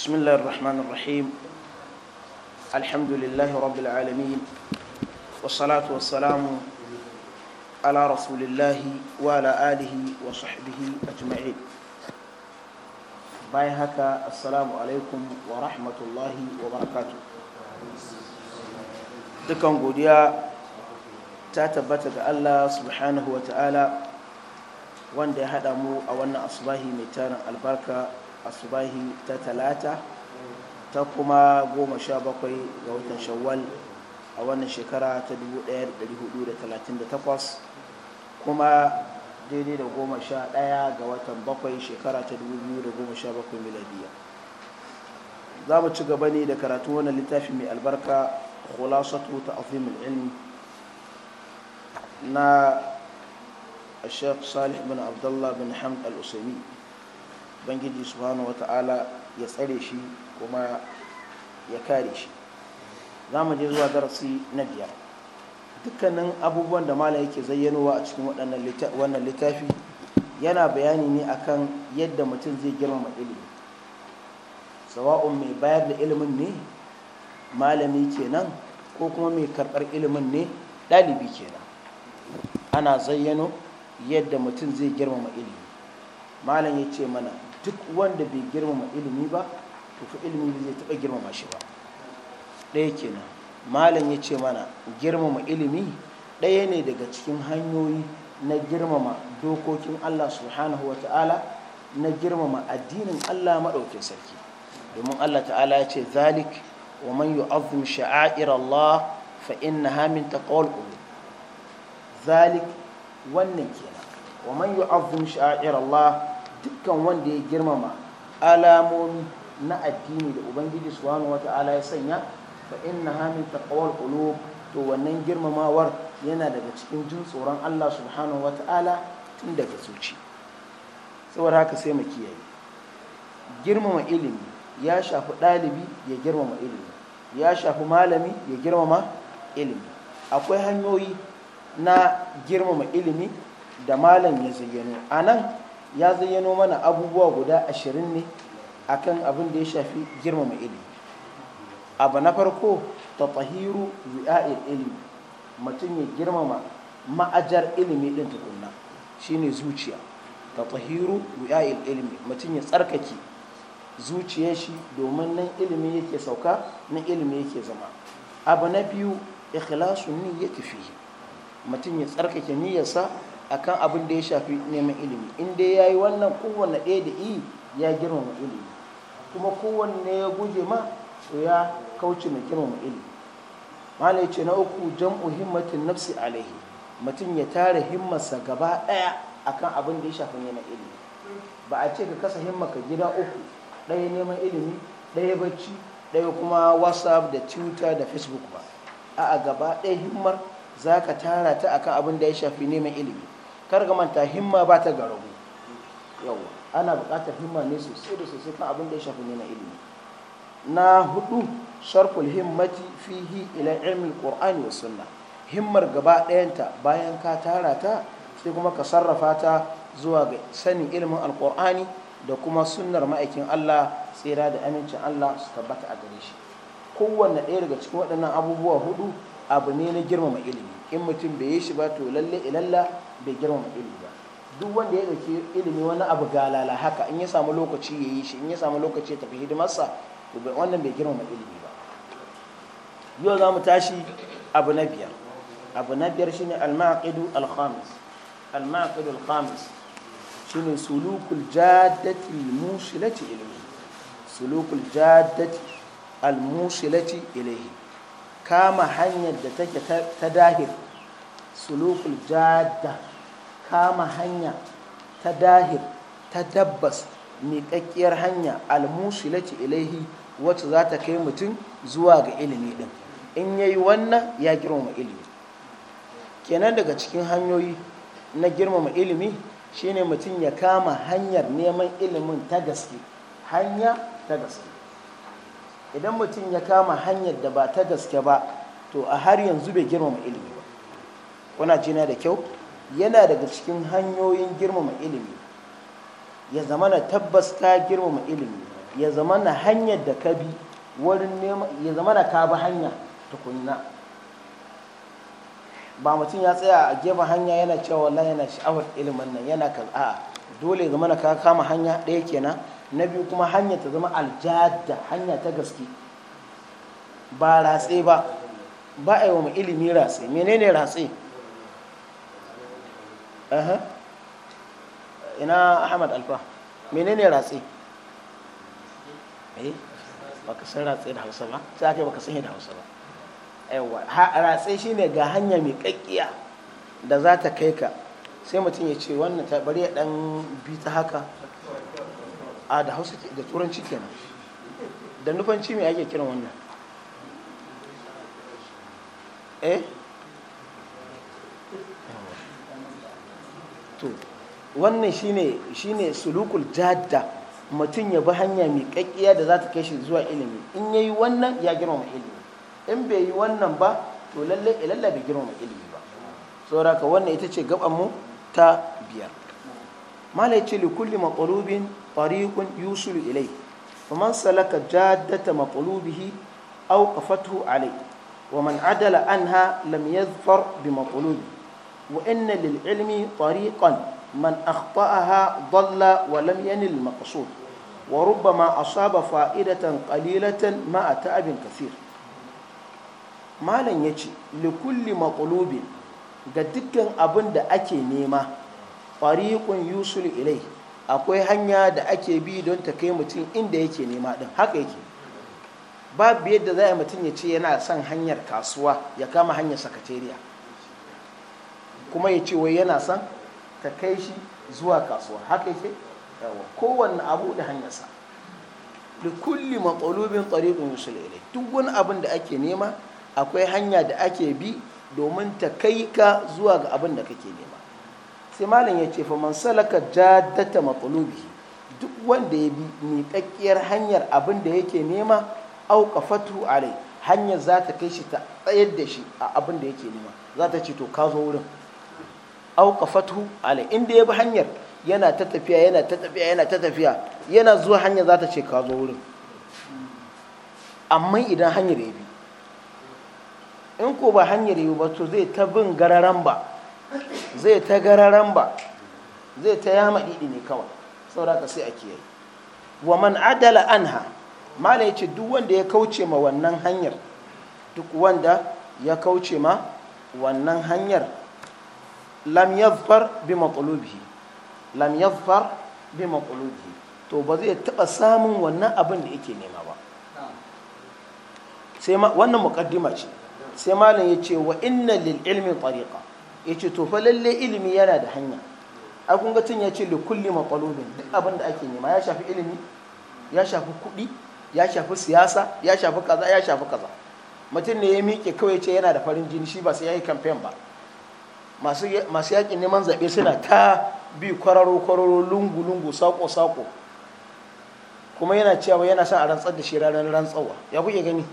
بسم الله الرحمن الرحيم الحمد لله رب العالمين والصلاة والسلام على رسول الله وعلى آله وصحبه أجمعين باي هكا السلام عليكم ورحمة الله وبركاته دكان قوديا تاتبتك الله سبحانه وتعالى وان دي هدمو أو أن أصباهي ميتان البركة asubahi ta talata ta kuma goma sha bakwai ga watan shawwal a wannan shekara ta 1438 kuma daidai da goma sha ɗaya ga watan bakwai shekara ta 2017 miladiya za mu ci gaba ne da karatu wannan littafi mai albarka khulasatu ta azimul ilmi na الشيخ صالح بن عبد الله بن حمد الأسيمي bangiji subhanahu wata'ala ya tsare shi kuma ya kare shi za mu je zuwa darasi na biyar dukkanin abubuwan da mala yake zayyanowa a cikin wannan littafi yana bayani ne akan yadda mutum zai girmama ilimi sawa'un mai bayar da ilimin ne malami kenan ko kuma mai karɓar ilimin ne ɗalibi kenan ana zayyano yadda mutum zai girmama ilimi malam ya ce mana duk wanda bai girmama ilimi ba to fa ilimi zai taɓa girmama shi ba ɗaya kenan malam ya ce mana girmama ilimi ɗaya ne daga cikin hanyoyi na girmama dokokin allah subhanahu wa ta'ala na girmama addinin allah maɗaukin sarki domin allah ta'ala ya ce zalik wa man yu'azzim sha'air allah fa innaha min qulub zalik wannan kenan wa man yu'azzim sha'air allah dukkan wanda ya girmama alamomi na addini da ubangiji wata wata'ala ya sanya fa inna hamil taqwal qulub to wannan girmamawar yana daga cikin jin tsoron Allah subhanahu wata'ala tun daga zuci saboda haka sai mu kiyaye girmama ilimi ya shafi ɗalibi ya girmama ilimi ya shafi malami ya girmama ilimi akwai hanyoyi na girmama ilimi da malam ya zayyano a nan ya zayyano mana abubuwa guda ashirin ne a kan abin da ya shafi girmama ilimi abu na farko ta tahiru yu'a'il ilimi mutum ya girmama ma'ajar ilimi ɗin tukunna shine zuciya ta tahiru yu'a'il ilimi mutum ya tsarkake zuciya shi domin nan ilimi yake sauka nan ilimi yake zama abu na biyu ni ya tafi mutum ya tsarkake niyarsa akan abin da ya shafi neman ilimi in ya yi wannan kowane ɗaya da i e ya girmama ilimi kuma kowanne ya guje ma to ya kauce mai girmama ilimi mana ce na uku jam'u himmatin nafsi alaihi mutum ya tara himmarsa gaba ɗaya akan abin da ya shafi neman ilimi ba a ce ka kasa himmarka gida uku ɗaya neman ilimi ɗaya bacci ɗaya kuma whatsapp da twitter da facebook ba a gaba ɗaya himmar za ka tara ta akan abin da ya shafi neman ilimi kar ga manta himma ba ta ga rabu ana buƙatar himma ne sosai da sosai kan abin da ya shafi ne na ilimi na hudu sharful himmati fihi ila ilmin qur'ani wa sunna himmar gaba ɗayanta bayan ka tara ta sai kuma ka sarrafa ta zuwa ga sanin ilimin alqur'ani da kuma sunnar ma'aikin Allah tsira da amincin Allah su tabbata a gare shi kowanne ɗaya daga cikin waɗannan abubuwa hudu abu ne na girmama ilimi in mutum bai yi shi ba to lalle ilalla bai girmama ilimi ba duk wanda ya dauki ilimi wani abu galala haka in ya samu lokaci ya yi shi in ya samu lokaci ya tafi hidimarsa to wannan bai girmama ilimi ba yau za mu tashi abu na biyar abu na biyar shine al-maqidu al-khamis al-maqidu al-khamis shine sulukul jaddati al-mushilati ilayhi sulukul jaddati al-mushilati ilayhi kama hanyar da take ta dahir sulukul jadda kama hanya ta dahir ta dabbas miƙaƙƙiyar hanya almusilati ilaihi wacce za ta kai mutum zuwa ga ilimi ɗin in yayi wannan ya girmama ilimi kenan daga cikin hanyoyi na girmama ilimi shine mutum ya kama hanyar neman ilimin ta gaske hanya ta gaske idan mutum ya kama hanyar da ba ta gaske ba to a har yanzu bai girmama ilimi ba kuna jina da kyau yana daga cikin hanyoyin girmama ilimi ya zama na tabbas ka girmama ilimi ya zama na hanyar da ka bi ya zama na kaba bi hanya tukunna ba mutum ya tsaya a gefen hanya yana cewa wallahi yana sha'awar ilimin nan yana kan a'a dole ya zama na kama hanya ɗaya kenan na biyu kuma hanya ta zama aljada hanya ta gaske ba ratse ba ba a yi wa ilimi ratse menene ratse ina ahmad alfa menene ratse eh baka san ratse da hausa ba sai aka baka san da hausa ba yawa ratse shine ga hanya mai kakkiya da za ta kai ka sai mutum ya ce wannan ta bari ya dan bi ta haka a da hausa da turanci kenan da nufanci mai ake kiran wannan eh to wannan shine shine sulukul jadda mutum ya bi hanya mai kakkiya da za ta kai shi zuwa ilimi in ya yi wannan ya girmama ilimi in bai yi wannan ba to lalle ilalla eh, bai girmama ilimi ba saboda ka wannan ita ce gaban mu ta biyar malai ce kulli maqlubin tariqun yusulu ilai man salaka jaddata maqlubihi aw qafathu alai wa man adala anha lam yadhfar bi maqlubihi wa inna lil ilmi tariqan man akhta'aha dalla wa lam yanil maqsud wa rubbama asaba fa'idatan ƙalilatan ma ta'abin kathir malam yace li kulli maqlubin ga dukkan abin da ake nema tariqun yusul ilai akwai hanya da ake bi don ta kai mutum inda yake nema din haka yake babu yadda za a mutum ya ce yana son hanyar kasuwa ya kama hanyar sakatariya kuma ya ce wai yana son ta kai shi zuwa kasuwa haka yake yawa kowanne abu da hanyarsa da kulli matsalobin tsarikun yusul ilai duk wani abin da ake nema akwai hanya da ake bi domin ta kai ka zuwa ga abin da kake nema sai malam ya ce fa man salaka jaddata matsalobi duk wanda ya bi miƙaƙƙiyar hanyar abin da yake nema auƙafatu alai hanyar za ta kai shi ta tsayar da shi a abin da yake nema za ta ce to ka zo wurin auqafathu alai inda ya bi hanyar yana ta tafiya yana ta tafiya yana ta tafiya yana zuwa hanyar za ta ce ka zo wurin amma idan hanyar ya bi in ko ba hanyar ya ba to zai ta bin gararan ba zai ta gararan ba zai ta yama didi ne kawai saboda sai a kiyaye wa man adala anha mala yace duk wanda ya kauce ma wannan hanyar duk wanda ya kauce ma wannan hanyar lam yadhfar bi maqlubihi lam yadhfar bi to ba zai taba samun wannan abin da yake nema ba sai wannan muqaddima ce sai malam ya ce wa inna lil ilmi tariqa yace to fa lalle ilimi yana da hanya a kun ga tun ya ce likulli maqalubin duk abin da ake nema ya shafi ilimi ya shafi kuɗi ya shafi siyasa ya shafi kaza ya shafi kaza mutum ne ya miƙe kawai ce yana da farin jini shi ba sai ya yi kamfen ba masu yakin neman zaɓe suna ta bi kwararo-kwararo lungu-lungu sako-sako kuma yana cewa yana sa a rantsar da shi ranar rantsawa ya kuke gani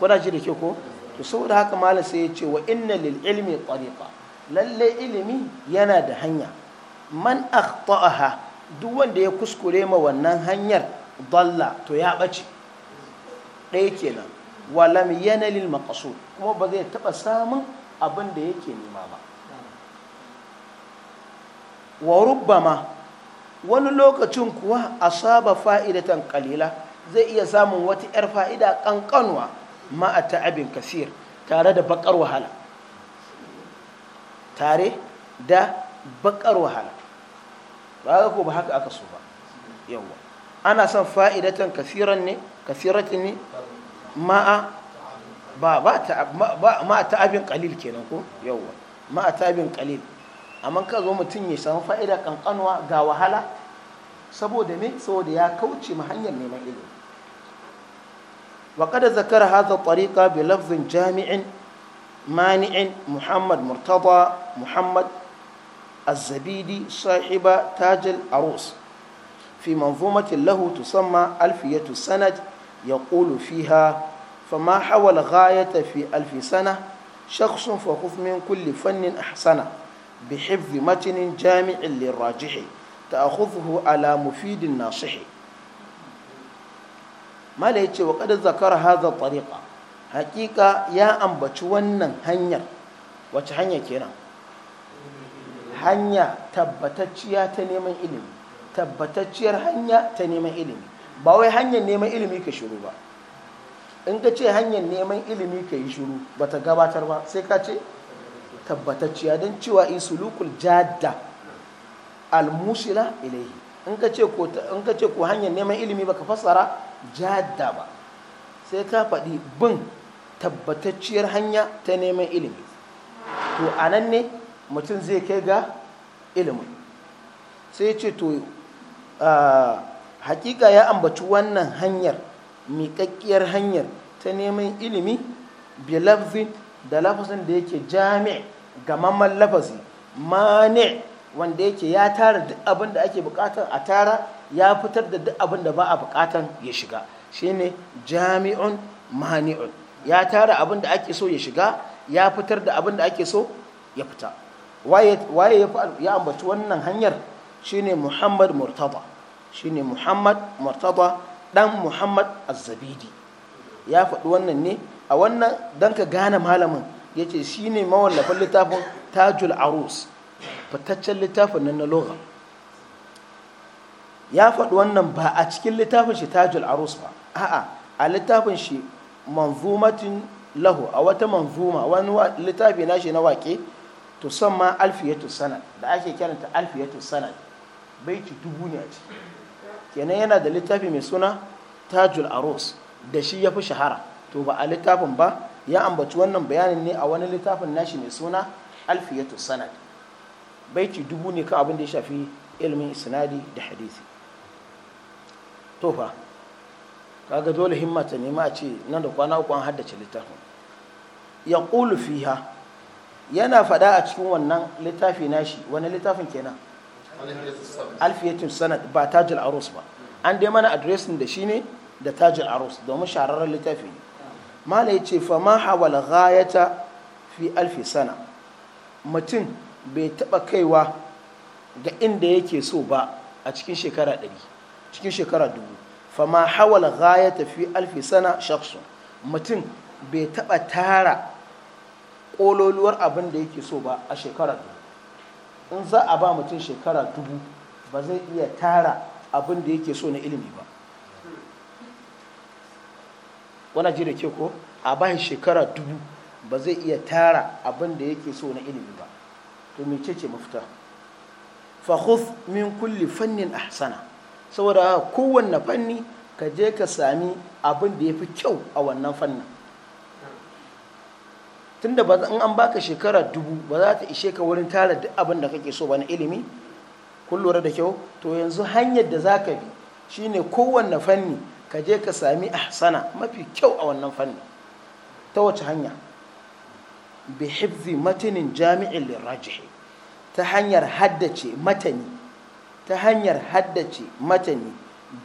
kuna da ke ko to saboda haka malam sai ya ce wa inna lil ilmi tariqa lalle ilimi yana da hanya man akhta'aha duk wanda ya kuskure ma wannan hanyar dalla to ya ɓace ɗaya kenan wa lam yanalil maqsud kuma ba zai taba samun abin da yake nema ba wa rubbama wani lokacin kuwa asaba fa'idatan qalila zai iya samun wata yar fa'ida kankanwa ma a ta'abin kasir tare da bakar wahala tare da bakar wahala ba ko ba haka aka so ba yawa ana son fa'idatan kasiran ne kasiratin ne ma'a ba ta abin kalil kenan ko yawwa ma ta abin kalil amma ka zo mutum ya samu fa'ida kankanwa ga wahala saboda me saboda ya kauce ma hanyar neman ilimi wa da zakara hadha tariqa bi lafzin jami'in mani'in muhammad murtada muhammad الزبيدي صاحب تاج العروس في منظومة له تسمى ألفية السند يقول فيها فما حوى الغاية في ألف سنة شخص فخذ من كل فن أحسنه بحفظ متن جامع للراجح تأخذه على مفيد ناصح ما ليتي وقد ذكر هذا الطريقة حقيقة يا أم بتشونا هنيا وتهنيا كنا هنيا تبتتشيا تنيما إلمي تبتتشير هنيا تنيما إلمي ba wai hanyar neman ilimi ka shiru ba in ka ce hanyar neman ilimi ka yi shiru ba ta gabatar ba sai ka ce tabbatacciya don cewa in sulukul jadda almusila ilaihi in ka ce ko hanyar neman ilimi ba ka fassara jada ba sai ka faɗi bin tabbatacciyar hanya ta neman ilimi to a nan ne mutum zai kai ga ilimin sai ce to uh, hakika ya ambaci wannan hanyar miƙaƙƙiyar hanyar ta neman ilimi bilafzin da lafazin da yake jami gamamman lafazi mani wanda yake ya tara duk abin da ake bukatar a tara ya fitar da duk abin da ba a bukatar ya shiga shi ne jami'un mani'un ya tara abin da ake so ya shiga ya fitar da abin da ake so ya fita waye ya ambaci wannan hanyar shi ne muhammad murtaba shine muhammad murtada dan muhammad az-zabidi ya faɗi wannan ne a wannan dan ka gane malamin yace shine mawallafin littafin tajul arus fitaccen littafin nan na lugha ya faɗi wannan ba a cikin littafin shi tajul arus ba a'a a littafin shi manzumatin lahu a wata manzuma wani littafi na shi na wake to son ma alfiyatu sanad da ake kiranta alfiyatu sanad baiti dubu ne a ciki kenan yana da littafi mai suna tajul aros da shi ya fi shahara to ba a littafin ba ya ambaci wannan bayanin ne a wani littafin nashi mai suna alfiyatu sanad baiti dubu ne ka abin da ya shafi ilimin isnadi da hadisi to fa kaga dole himma ta nema a ce nan da kwana uku an haddace littafin ya ƙulu fiha yana fada a cikin wannan littafi nashi wani littafin kenan alfiyatun sanad ba tajil arus ba an dai mana adresin da shi ne da tajil arus domin shahararren littafi ne mala ya ce fa ma hawal ghayata fi alfi sana mutum bai taba kaiwa ga inda yake so ba a cikin shekara ɗari cikin shekara dubu fa ma hawal ghayata fi alfi sana shakhsun mutum bai taba tara kololuwar abin da yake so ba a shekara dubu in za a ba mutum shekara dubu ba zai iya tara abin da yake so na ilimi ba wana ji da ke ko a ba shekara dubu ba zai iya tara abin da yake so na ilimi ba to mecece mafita fahuf min kulli fannin ahsana saboda kowanne fanni ka je ka sami abin da ya fi kyau a wannan fannin tunda ba in an baka shekara dubu ba za ta ishe ka wurin tara duk abin da kake so ba na ilimi kun da kyau to yanzu hanyar da za ka bi shine kowanne fanni ka je ka sami ahsana mafi kyau a wannan fanni ta wace hanya bi hifzi matanin jami'in lirajihi ta hanyar haddace matani ta hanyar haddace matani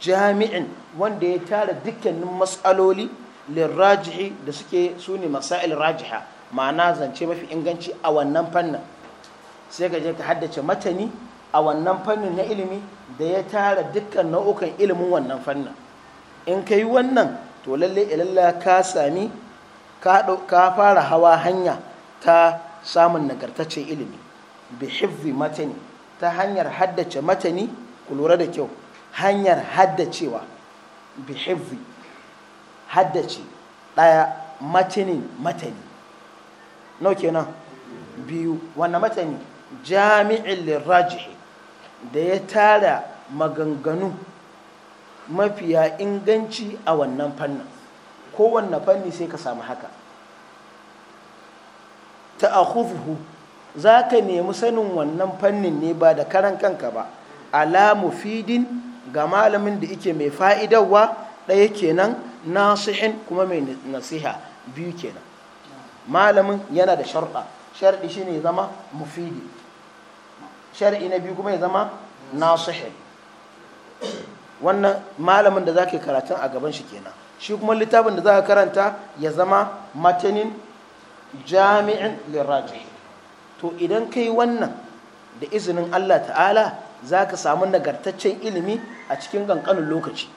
jami'in wanda ya tara dukkanin matsaloli lirajihi da suke su ne masail rajiha ma'ana zance mafi inganci a wannan fannin sai ka je ka haddace matani a wannan fannin na ilimi da ya tara dukkan nau'ukan ilimin wannan fannin in ka yi wannan to lalle ilalla eh, ka sami ka fara hawa hanya ta samun nagartaccen ilimi bi hifzi matani ta hanyar haddace matani ku lura da kyau hanyar haddacewa bi hifzi haddace ɗaya matanin matani nau kenan biyu wannan matani jami'in lirraji'i da ya tara maganganu mafiya inganci a wannan fannin kowanne fanni sai ka samu haka ta akhufuhu za ka nemi sanin wannan fannin ne ba da karan kanka ba ala mufidin ga malamin da ike mai fa'idarwa ɗaya kenan nasihin kuma mai nasiha biyu kenan malamin yana da sharɗa sharɗi shine ya zama mufidi sharɗi na biyu kuma ya zama nasihin wannan malamin da zaka karatun a gaban shi kenan shi kuma littafin da zaka karanta ya zama matanin jami'in Liraji, to idan kai wannan da izinin Allah ta'ala za ka samu nagartaccen ilimi a cikin ƙanƙanin lokaci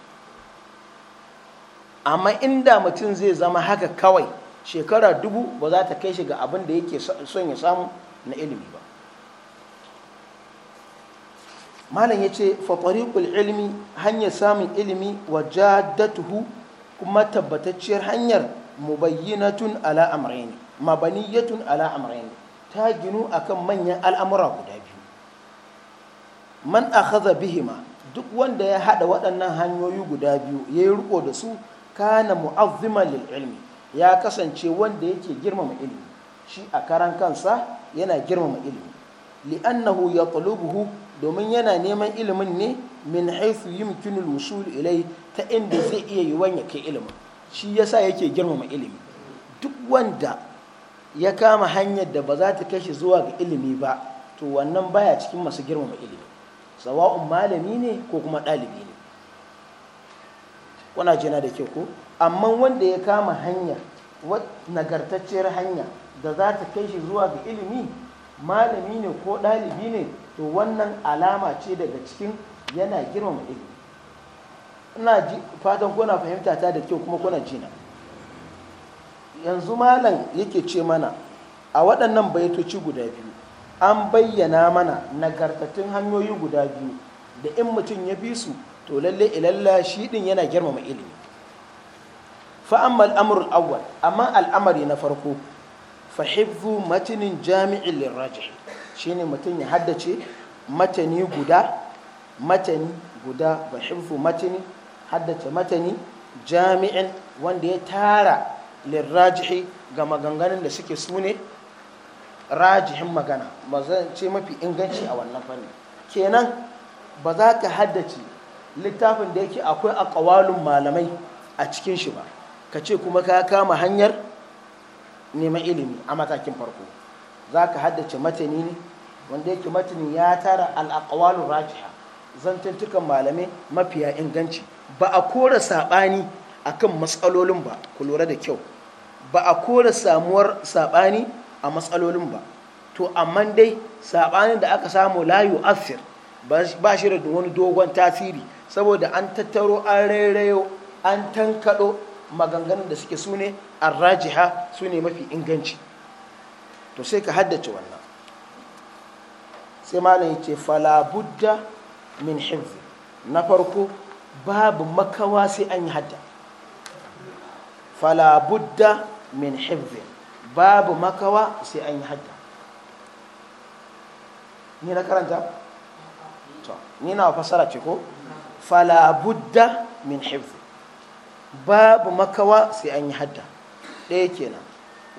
amma inda mutum zai zama haka kawai shekara dubu ba za ta kai shi ga abin da yake son ya samu na ilimi ba malam ya ce fatariƙul ilimi hanyar samun ilimi wa jadatuhu kuma tabbatacciyar hanyar mubayyinatun al'amurai amraini mabaniyatun al'amurai ta ginu akan manyan al'amura guda biyu man akhadha bihima duk wanda ya hada waɗannan hanyoyi guda biyu ya yi riko da su kana mu'azzima lil ilmi ya kasance wanda yake girmama ilimi shi a karan kansa yana girmama ilimi li'annahu ya talubuhu domin yana neman ilimin ne min haithu yumkinul wusul ilai ta inda zai iya yi wanya kai ilimin shi yasa yake girmama ilimi duk wanda ya kama hanyar da ba za ta zuwa ga ilimi ba to wannan baya cikin masu girmama ilimi sawa'un malami ne ko kuma ɗalibi ne kuna jina da ke ko amma wanda ya kama hanya nagartacciyar hanya da za ta kai shi zuwa ga ilimi malami ne ko ɗalibi ne to wannan alama ce daga cikin yana girmama ilimi ina fatan kuna fahimta ta da kyau kuma kuna jina yanzu malam yake ce mana a waɗannan baitoci guda biyu an bayyana mana nagartattun hanyoyi guda biyu da in mutum ya bi su to lalle ilalla shi ɗin yana girmama ilimi فأما الأمر الأول أما الأمر نفرقه فحفظ متن جامع للراجح شيني متن يحدث متن يقدا متن قدا وحفظ متن حدث متن جامع وندي تارا للراجح كما غنغان da suke sune rajihin magana ba zan ce mafi inganci a wannan fanni kenan ba za ka haddace littafin da yake akwai akawalin malamai a cikin shi ba ka ce kuma ka kama hanyar neman ilimi a matakin farko za ka haddace matani ne wanda yake matani ya tara al'aƙawalun rajiha zantuntukan malamai mafiya inganci ba a kora saɓani a kan matsalolin ba ku lura da kyau ba a kora samuwar saɓani a matsalolin ba to amma dai saɓanin da aka samu layu asir ba shi da wani dogon tasiri saboda an tattaro an rairayo an tankaɗo maganganun da suke sune arrajiha sune mafi inganci to sai ka haddace wannan sai ma yace ce budda min hinzi na farko babu makawa sai an yi hadda fala min hinzi babu makawa sai an yi hadda ni na karanta to ni na fasara ce ko fala min hinzi babu makawa sai an yi hadda ɗaya kenan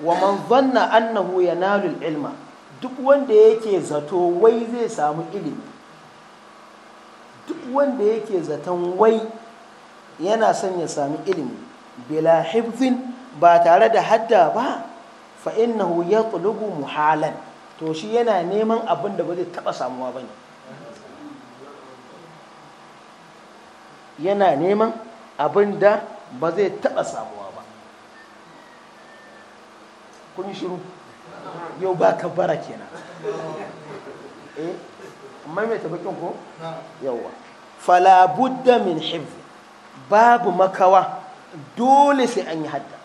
wa man zanna annahu yanalu ilma duk wanda yake zato wai zai samu ilimi duk wanda yake zaton wai yana son ya samu ilimi bila hibzin ba tare da hadda ba fa innahu yatlubu muhalan to shi yana neman abin da ba zai taba samuwa ba ne yana neman abin da ba zai taɓa samuwa ba kun yi shiru yau ba ka bara kenan eh amma mai tabbakin ko yauwa falabudda min hifz babu makawa dole sai an yi hadda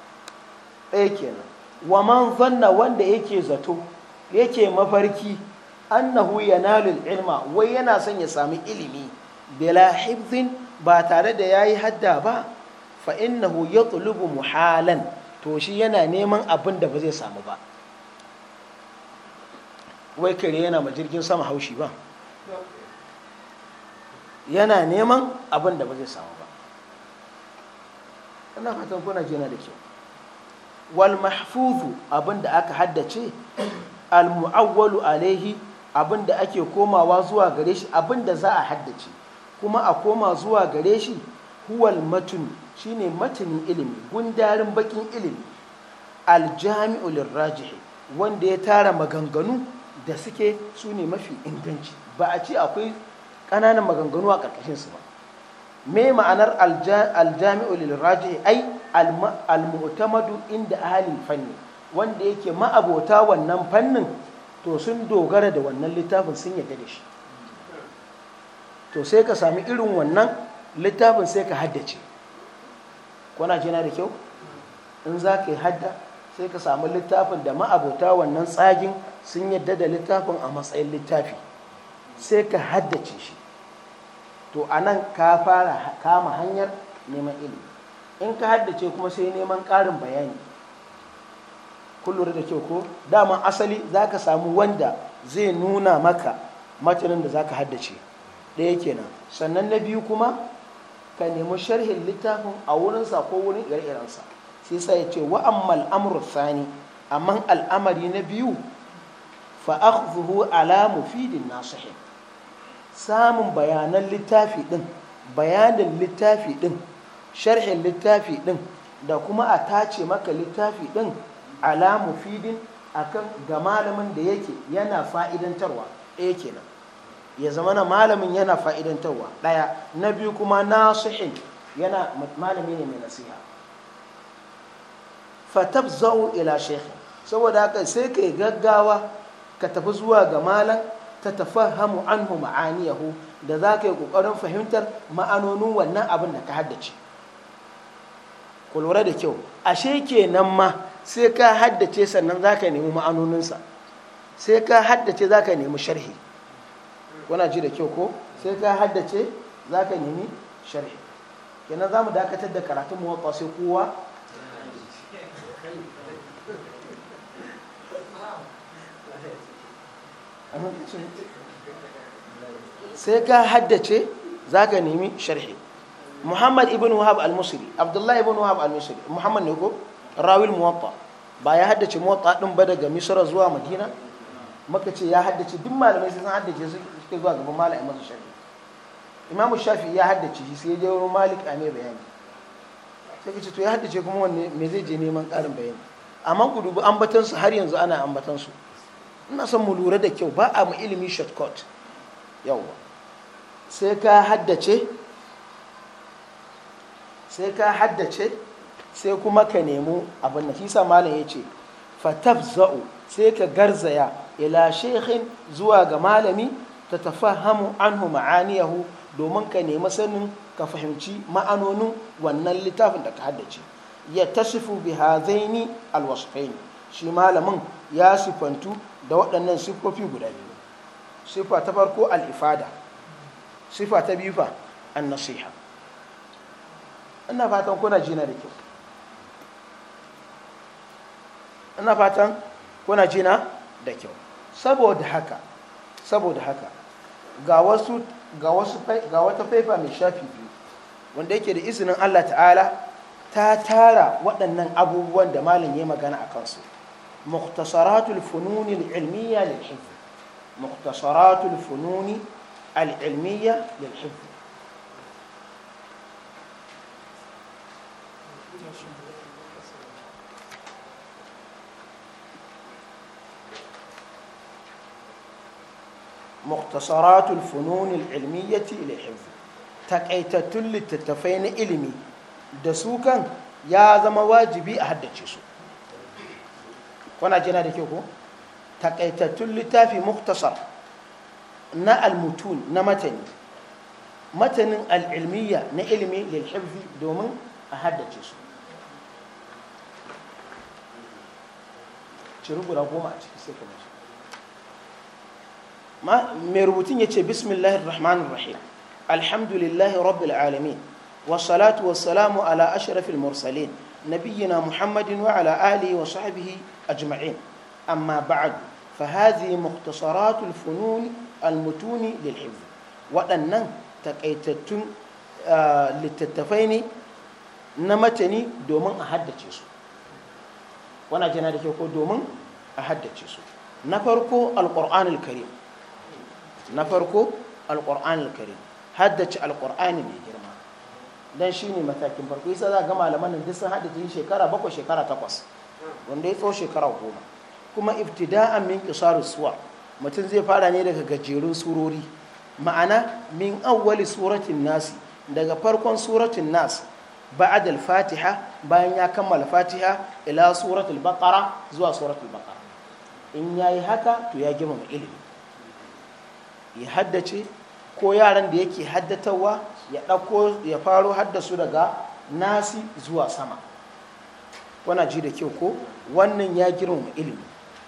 ɗaya kenan wa man zanna wanda yake zato yake mafarki annahu yanalul ilma wai yana son ya sami ilimi bila hifzin ba tare da yayi hadda ba fa innahu yatlubu muhalan to shi yana neman abin da ba zai samu ba wai kare yana ma jirgin sama haushi ba yana neman abin da ba zai samu ba ina fatan kuna jina da kyau wal mahfuzu abin da aka haddace al mu'awwalu alaihi abin da ake komawa zuwa gare shi abin da za a haddace kuma a koma zuwa gare shi huwal matun ne matunin ilimi gundarin bakin ilimi aljami'u rajihi wanda ya tara maganganu da suke su ne mafi inganci ba a ce akwai ƙananan maganganu a ƙarƙashin su ba me ma'anar aljami'u rajihi ai almu'tamadu inda ahalin fanni wanda yake ma'abota wannan fannin to sun dogara da wannan littafin sun yadda da shi to sai ka sami irin wannan littafin sai ka haddace kuna jina da kyau in za ka yi hadda sai ka samu littafin da ma'abuta wannan tsagin sun yadda da littafin a matsayin littafi sai ka haddace shi to a nan ka fara kama hanyar neman ilimi in ka haddace kuma sai neman ƙarin bayani kullum da kyau ko dama asali za ka samu wanda zai nuna maka matanin da za ka haddace ɗaya kenan sannan na biyu kuma ka nemi sharhin littafin a wurinsa ko wurin ire-irensa sai sa ya ce wa amma al'amur sani, amma al'amari na biyu fa alamu ala mufidin nasihin samun bayanan littafi din bayanin littafi din sharhin littafi din da kuma a tace maka littafi din ala mufidin akan ga malamin da yake yana fa'idantarwa ɗaya kenan ya zama na malamin yana fa'idantarwa ɗaya na biyu kuma nasihin yana malami ne mai nasiha fatab zau ila shekhi saboda haka sai ka yi gaggawa ka tafi zuwa ga malam ta tafahamu anhu ma'aniyahu da za ka yi ƙoƙarin fahimtar ma'anonin wannan abin da ka haddace ku da kyau ashe kenan ma sai ka haddace sannan za ka nemi ma'anoninsa sai ka haddace za ka nemi sharhi kuna ji da kyau ko sai ka haddace za ka nemi sharhi kenan za mu dakatar da karatun muwatta sai kowa sai ka haddace za ka nemi sharhi muhammad ibn wahab al-musri abdullahi ibn wahab al-musri muhammad ne ko rawil muwatta ba ya haddace muwatta din ba daga misra zuwa madina maka ce ya haddace duk malamai sun haddace su suke zuwa gaban malik a masa imam shafi ya haddace shi sai je wurin malik a mai bayani sai ka ce to ya haddace kuma wanne me zai je neman ƙarin bayani amma ku dubi ambatan su har yanzu ana ambatan su ina son mu lura da kyau ba a mu ilimi shortcut yawwa sai ka haddace sai ka haddace sai kuma ka nemo abin da fisa malam ya ce fatafza'u sai ka garzaya ila shekhin zuwa ga malami ta tafahamu anhu ma'aniyahu domin ka nemi sanin ka fahimci ma'anonin wannan littafin da ka haddace ya tasifu bi hazaini alwasfaini shi malamin ya sifantu da waɗannan siffofi guda biyu ta farko ta an nasiha ina fatan kuna jina da kyau ina fatan kuna jina da kyau saboda haka saboda haka ga wasu ga wasu ga wata faifa mai shafi biyu wanda yake da izinin Allah ta'ala ta tara waɗannan abubuwan da malam ya magana a kansu mukhtasaratul fununi al-ilmiyya lil hifz mukhtasaratul fununi al-ilmiyya lil hifz muqtasaratul fununil ilmiyyati ila hifz takaitattun littattafai na ilimi da su kan ya zama wajibi a haddace su kuna jina ke ko takaitattun littafi muktasar na almutun na matani matanin al'ilmiya na ilimi lilhifzi domin a haddace su a ma mai rubutun ya ce bismillahir rahmanir rahim alhamdulillahi rabbil alamin wa salatu wa salamu ala ashrafil mursalin nabiyyina muhammadin wa ala alihi wa sahbihi ajma'in amma ba'du fa hadhihi mukhtasaratul funun al mutuni lil hifz wadannan taqaitattun ah, litattafaini na matani domin a haddace su wana jana da ko domin a haddace su na farko alqur'anul karim na farko alƙur'an alkarim haddace alƙur'ani mai girma don shi ne matakin farko isa za ga malaman nan duk sun haddace shekara bakwai shekara takwas wanda ya tso shekara goma kuma ibtida'an min qisaru suwa mutum zai fara ne daga gajerun surori ma'ana min awwali suratin nasi daga farkon suratin nas ba'ad al-fatiha bayan ya kammala fatiha ila suratul baqara zuwa suratul baqara in yayi haka to ya gima ilimi ya haddace ko yaran da yake haddatawa ya ɗauko ya faro haddasu daga nasi zuwa sama wana ji da kyau ko wannan ya girmama ilimi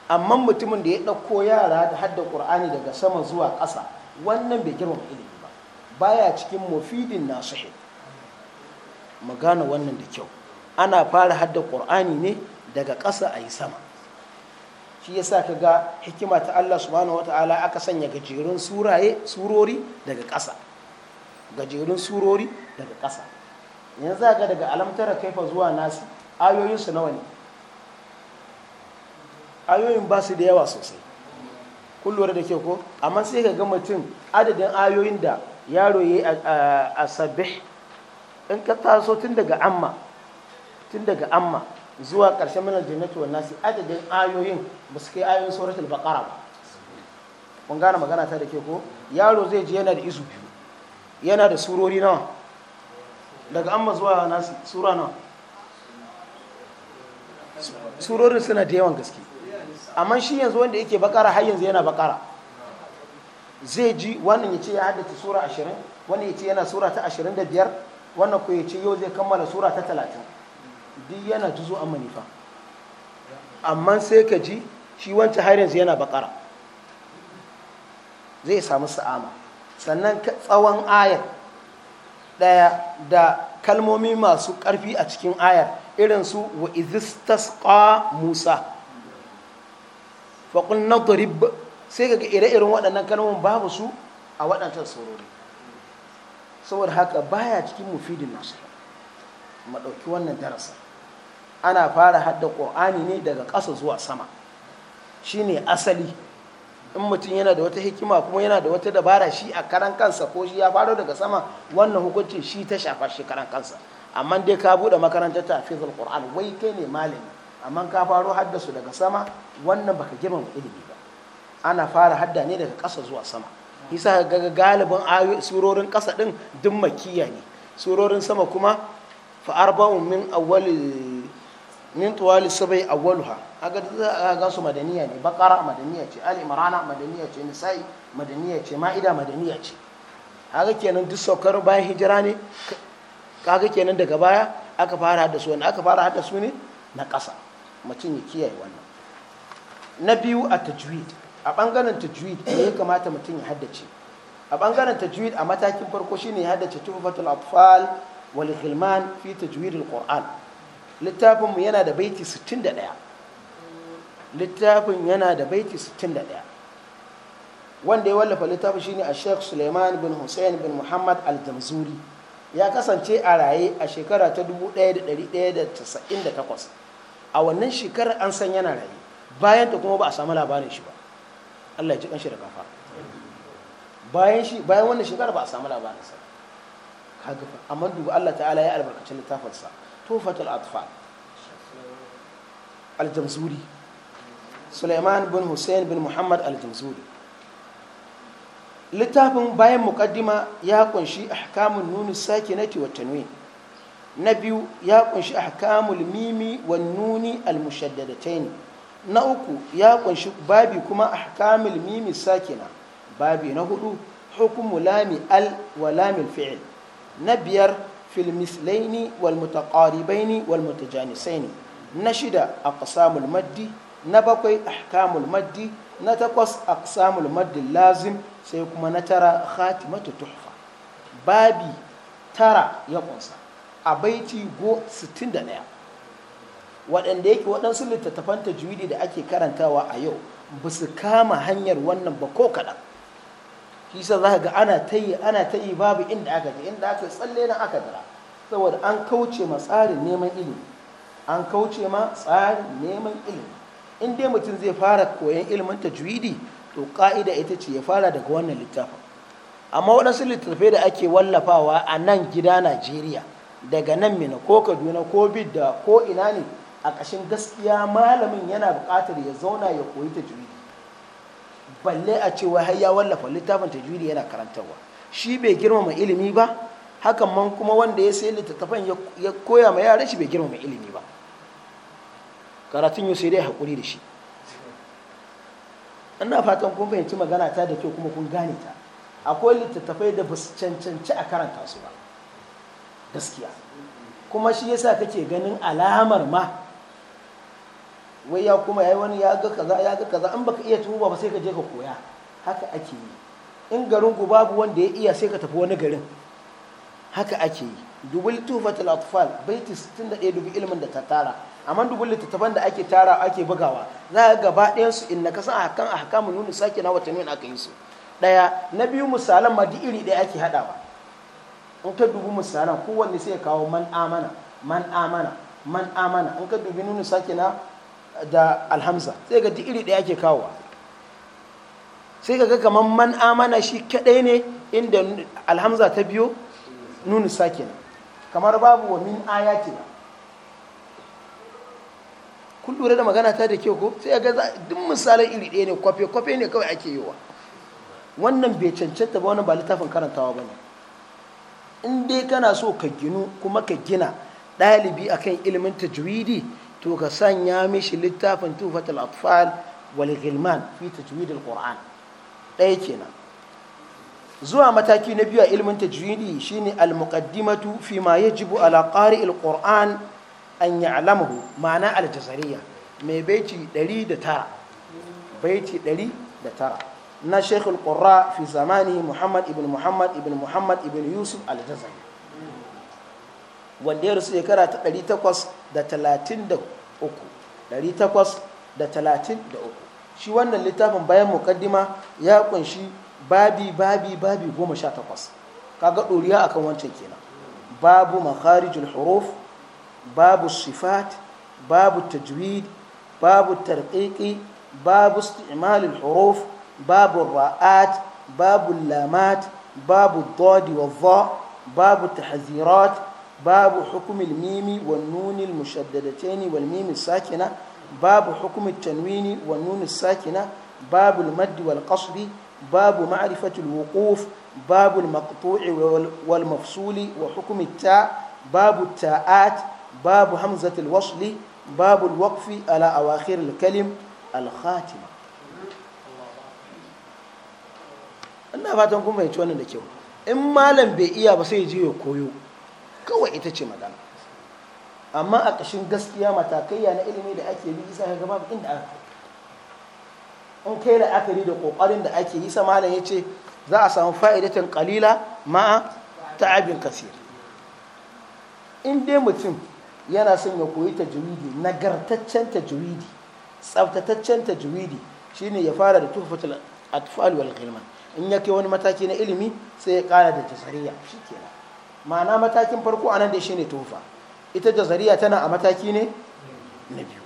amma mutumin da ya ɗauko yara da hadda ƙur'ani daga sama zuwa ƙasa wannan bai girmama ilimi ba baya cikin mufidin nasihi mu gane wannan da kyau ana fara hadda ƙur'ani ne daga ƙasa a yi sama shi yasa ka ga hikima ta Allah subhanahu ta'ala aka sanya gajerun suraye surori daga ƙasa gajerun surori daga ƙasa yanzu ga daga alamtara kaifa zuwa nasi ayoyin su nawa ne ayoyin ba su da yawa sosai kun da ke ko amma sai ka ga mutum adadin ayoyin da yaro ya yi a sabih in ka taso tun daga amma tun daga amma zuwa ƙarshen minal jannatu wan nasi adadin ayoyin ba su kai ayoyin suratul baqara ba kun gane magana ta da ke ko yaro zai ji yana da isu yana da surori nawa daga amma zuwa nasi sura nawa surorin suna da yawan gaske amma shi yanzu wanda yake bakara har yanzu yana bakara zai ji wannan ya ce ya haddace sura ashirin wannan ya ce yana sura ta ashirin da biyar wannan ko ya ce yau zai kammala sura ta talatin duk yana tuzo an manifa amma sai ka ji shi wancan har yanzu yana bakara zai samu sa'ama sannan tsawon ayar daya da kalmomi masu karfi a cikin ayar irin su wa izistasqa musa na turib sai kaga ire-iren waɗannan kalmomin babu su a waɗancan saurori saboda haka baya cikin mufidin nasu ɗauki wannan darasa ana fara hadda ƙur'ani ne daga ƙasa zuwa sama shine asali in mutum yana da wata hikima kuma yana da wata dabara shi a karan kansa ko shi ya faro daga sama wannan hukuncin shi ta shafa shi karan kansa amma dai ka bude makarantar tafizul qur'an wai kai ne malami amma ka faro haddasu daga sama wannan baka girma ilimi ba ana fara hadda ne daga ƙasa zuwa sama isa ga galibin surorin ƙasa din duk makiya ne surorin sama kuma fa arba'un min awwalil min tuwali sabai awwaluha aga ga su madaniya ne bakara madaniya ce ali imrana madaniya ce nisa'i madaniya ce ma'ida madaniya ce haka kenan duk saukar bayan hijira ne kaga kenan daga baya aka fara hada su ne aka fara hada su ne na ƙasa mutum ya kiyaye wannan na biyu a tajwid a bangaren tajwid ne ya kamata mutum ya haddace a bangaren tajwid a matakin farko shine ya haddace tuhfatul atfal wal ghilman fi tajwid al-qur'an littafinmu yana da baiti 61 littafin yana da baiti 61 wanda ya wallafa littafin shine a sheikh suleiman bin hussein bin muhammad al-jamzuri ya kasance a raye a shekara ta 1198 a wannan shekarar an san yana raye bayan ta kuma ba a samu labarin shi ba allah ya ji kanshi da kafa bayan shi bayan wannan shekarar ba a samu labarin sa kaga amma duba allah ta'ala ya albarkaci littafinsa tufatul atfal al-jamzuri suleiman bin hussein bin muhammad al-jamzuri littafin bayan mukaddima ya kunshi ahkamun nuni sakinati wa tanwin na biyu ya kunshi ahkamul mimi wa nuni al mushaddadatain na uku ya kunshi babi kuma ahkamul mimi sakina babi na hudu hukumu lami al wa lamil fi'il na biyar fil mislaini wal mutaqaribaini wal mutajanisaini na shida aqsamul maddi na bakwai ahkamul maddi na takwas aqsamul maddi lazim sai kuma na tara khatimatu tuhfa babi tara ya kunsa a baiti go 61 waɗanda yake waɗansu littattafan tajwidi da ake karantawa a yau ba su kama hanyar wannan ba ko kaɗan shi sa za ga ana ta yi ana ta yi babu inda aka je inda aka tsalle na aka dara saboda an kauce ma tsarin neman ilimi an kauce ma tsarin neman ilimi in dai mutum zai fara koyan ilimin tajwidi to ka'ida ita ce ya fara daga wannan littafin amma waɗansu littattafai da ake wallafawa a nan gida najeriya daga nan mina ko kaduna ko bidda ko ina ne a ƙashin gaskiya malamin yana buƙatar ya zauna ya koyi juidi balle a cewa har ya wallafa littafin tajwidi yana karantarwa shi bai girmama ilimi ba hakan man kuma wanda ya sai littattafan ya koya ma yaran shi bai girmama ilimi ba karatun yau sai dai haƙuri da shi ina fatan kun fahimci magana ta da kyau kuma kun gane ta akwai littattafai da ba su cancanci a karanta su ba gaskiya kuma shi yasa kake ganin alamar ma wai ya kuma yayi wani ya ga kaza ya ga kaza an baka iya tuba ba sai ka je ka koya haka ake yi in garin ku babu wanda ya iya sai ka tafi wani garin haka ake yi dubu tufatul atfal baiti 61 dubu ilimin da ta tara amma dubu littattafan da ake tara ake bugawa za ka gaba ɗayan su inna kasan a ahkam ahkamun nunu sake na watanni aka yi su ɗaya na biyu misalan ma duk iri ɗaya ake haɗawa in ka dubu misalan kowanne sai ya kawo man amana man amana man amana in ka dubi nunu sake na da alhamza sai ga iri ɗaya ake kawo sai ga kamar man amana shi kaɗai ne inda alhamza ta biyo nuna sake kamar babu wa min ayati ba kun lura da magana ta da kyau ko sai ga duk misalan iri ɗaya ne kwafe kwafe ne kawai ake yiwa wannan bai cancanta ba wannan ba littafin karantawa ba ne in dai kana so ka ginu kuma ka gina ɗalibi akan ilimin tajwidi to ka sanya mishi littafin tufatul atfal wal gilman fi tajwid alquran ɗaya kenan zuwa mataki na biyu a ilmin tajwidi shine al muqaddimatu fi ma yajibu ala qari alquran an ya'lamuhu ma'ana al jazariya mai baiti 109 baiti 109 na shaykhul qurra fi zamani muhammad ibn muhammad ibn muhammad ibn yusuf al jazari wanda ya rasu shekara ta 833 uku shi wannan littafin bayan mukaddima ya kunshi babi babi babi 18 kaga a akan wancan kenan babu makharijul huruf babu sifat babu tajwid babu tarqiqi babu isti'malul huruf babu ra'at babu lamat babu dodi wa dha babu tahazirat babu hukumil mimi wa nunil mushaddadataini wal mimi sakina babu hukumil tanwini wa nunil sakina babu al-maddi wal qasri babu ma'rifatul wuquf babu wa hukum ta babu ta'at babu hamzatul wasli babu al-waqfi ala awakhir al-kalim al-khatima ina fatan kun fahimci wannan da kyau in malam bai iya ba sai ya je ya koyo kawai ita ce magana amma a ƙashin gaskiya matakaiya na ilimi da ake bi isa ga babu inda aka kai in kai la'akari da ƙoƙarin da ake yi sama ya ce za a samu fa'idatan ƙalila ta abin kasir in dai mutum yana son ya koyi ta tajwidi nagartaccen tajwidi tsaftataccen tajwidi shine ya fara da tuhfatul atfal wal in ya kai wani mataki na ilimi sai ya ƙara da tasariya shikenan ma'ana matakin farko a nan da shi ne tufa ita jazariya tana a mataki ne na biyu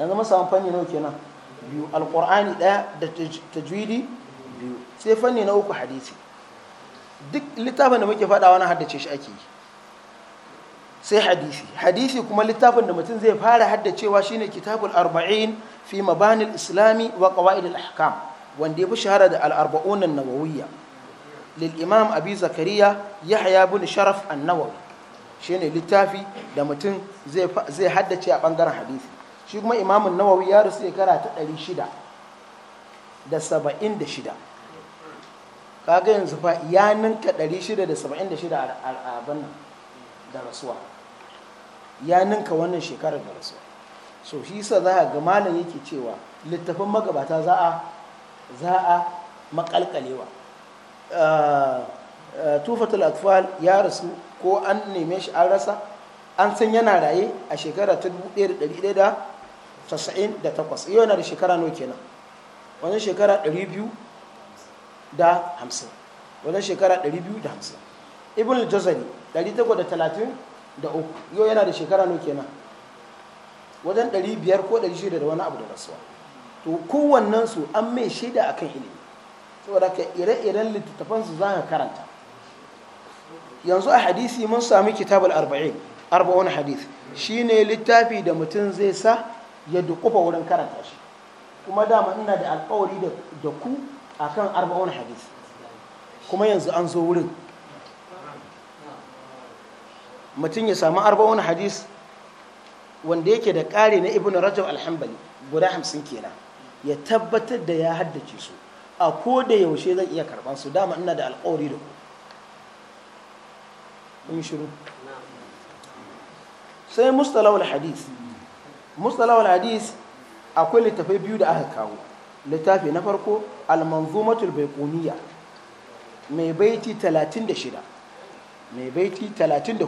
yanzu mun fanni nawa kenan biyu alqur'ani ɗaya da tajwidi biyu sai fanni na uku hadisi duk littafin da muke faɗawa na haddace shi ake yi sai hadisi hadisi kuma littafin da mutum zai fara haddacewa shine kitabul arba'in fi mabanil islami wa qawaid da ahkam wanda ya fi shahara da alarba'unan arbaun nawawiyya للإمام أبي زكريا يحيى بن sharaf النووي shine littafi da mutum zai haddace a ɓangaren hadisi shi kuma imamun ya rasu shekara ta 676 kaga yanzu fa ya ninka 676 a abin da rasuwa ya ninka wannan shekarar da rasuwa so shi sa za a ga malam yake cewa littafin magabata za a maƙalƙalewa. tufatul atfal ya rasu ko an neme shi an rasa an san yana raye a shekara ta 1998 iyo yana da shekara nawa kenan wajen shekara 250 wajen shekara 250 ibn al-jazari 833 iyo yana da shekara nawa kenan wajen 500 ko 600 da wani abu da rasuwa to kowannensu an mai shaida akan ilimi saboda ka ire-iren littattafansu za ka karanta yanzu a hadisi mun sami kitabul arba'in arba'un hadis shine littafi da mutum zai sa ya dukufa wurin karanta shi kuma dama ina da alkawari da ku akan arba'un hadis kuma yanzu an zo wurin mutum ya samu arba'un hadis wanda yake da ƙari na ibn rajab alhambali guda hamsin kenan ya tabbatar da ya haddace su a ko da yaushe zan iya karban su dama ina da alƙawari da ku in shiru sai mustalawul hadis mustalawul hadis akwai littafai biyu da aka kawo littafi na farko almanzumatul baikuniya mai baiti 36 mai baiti 34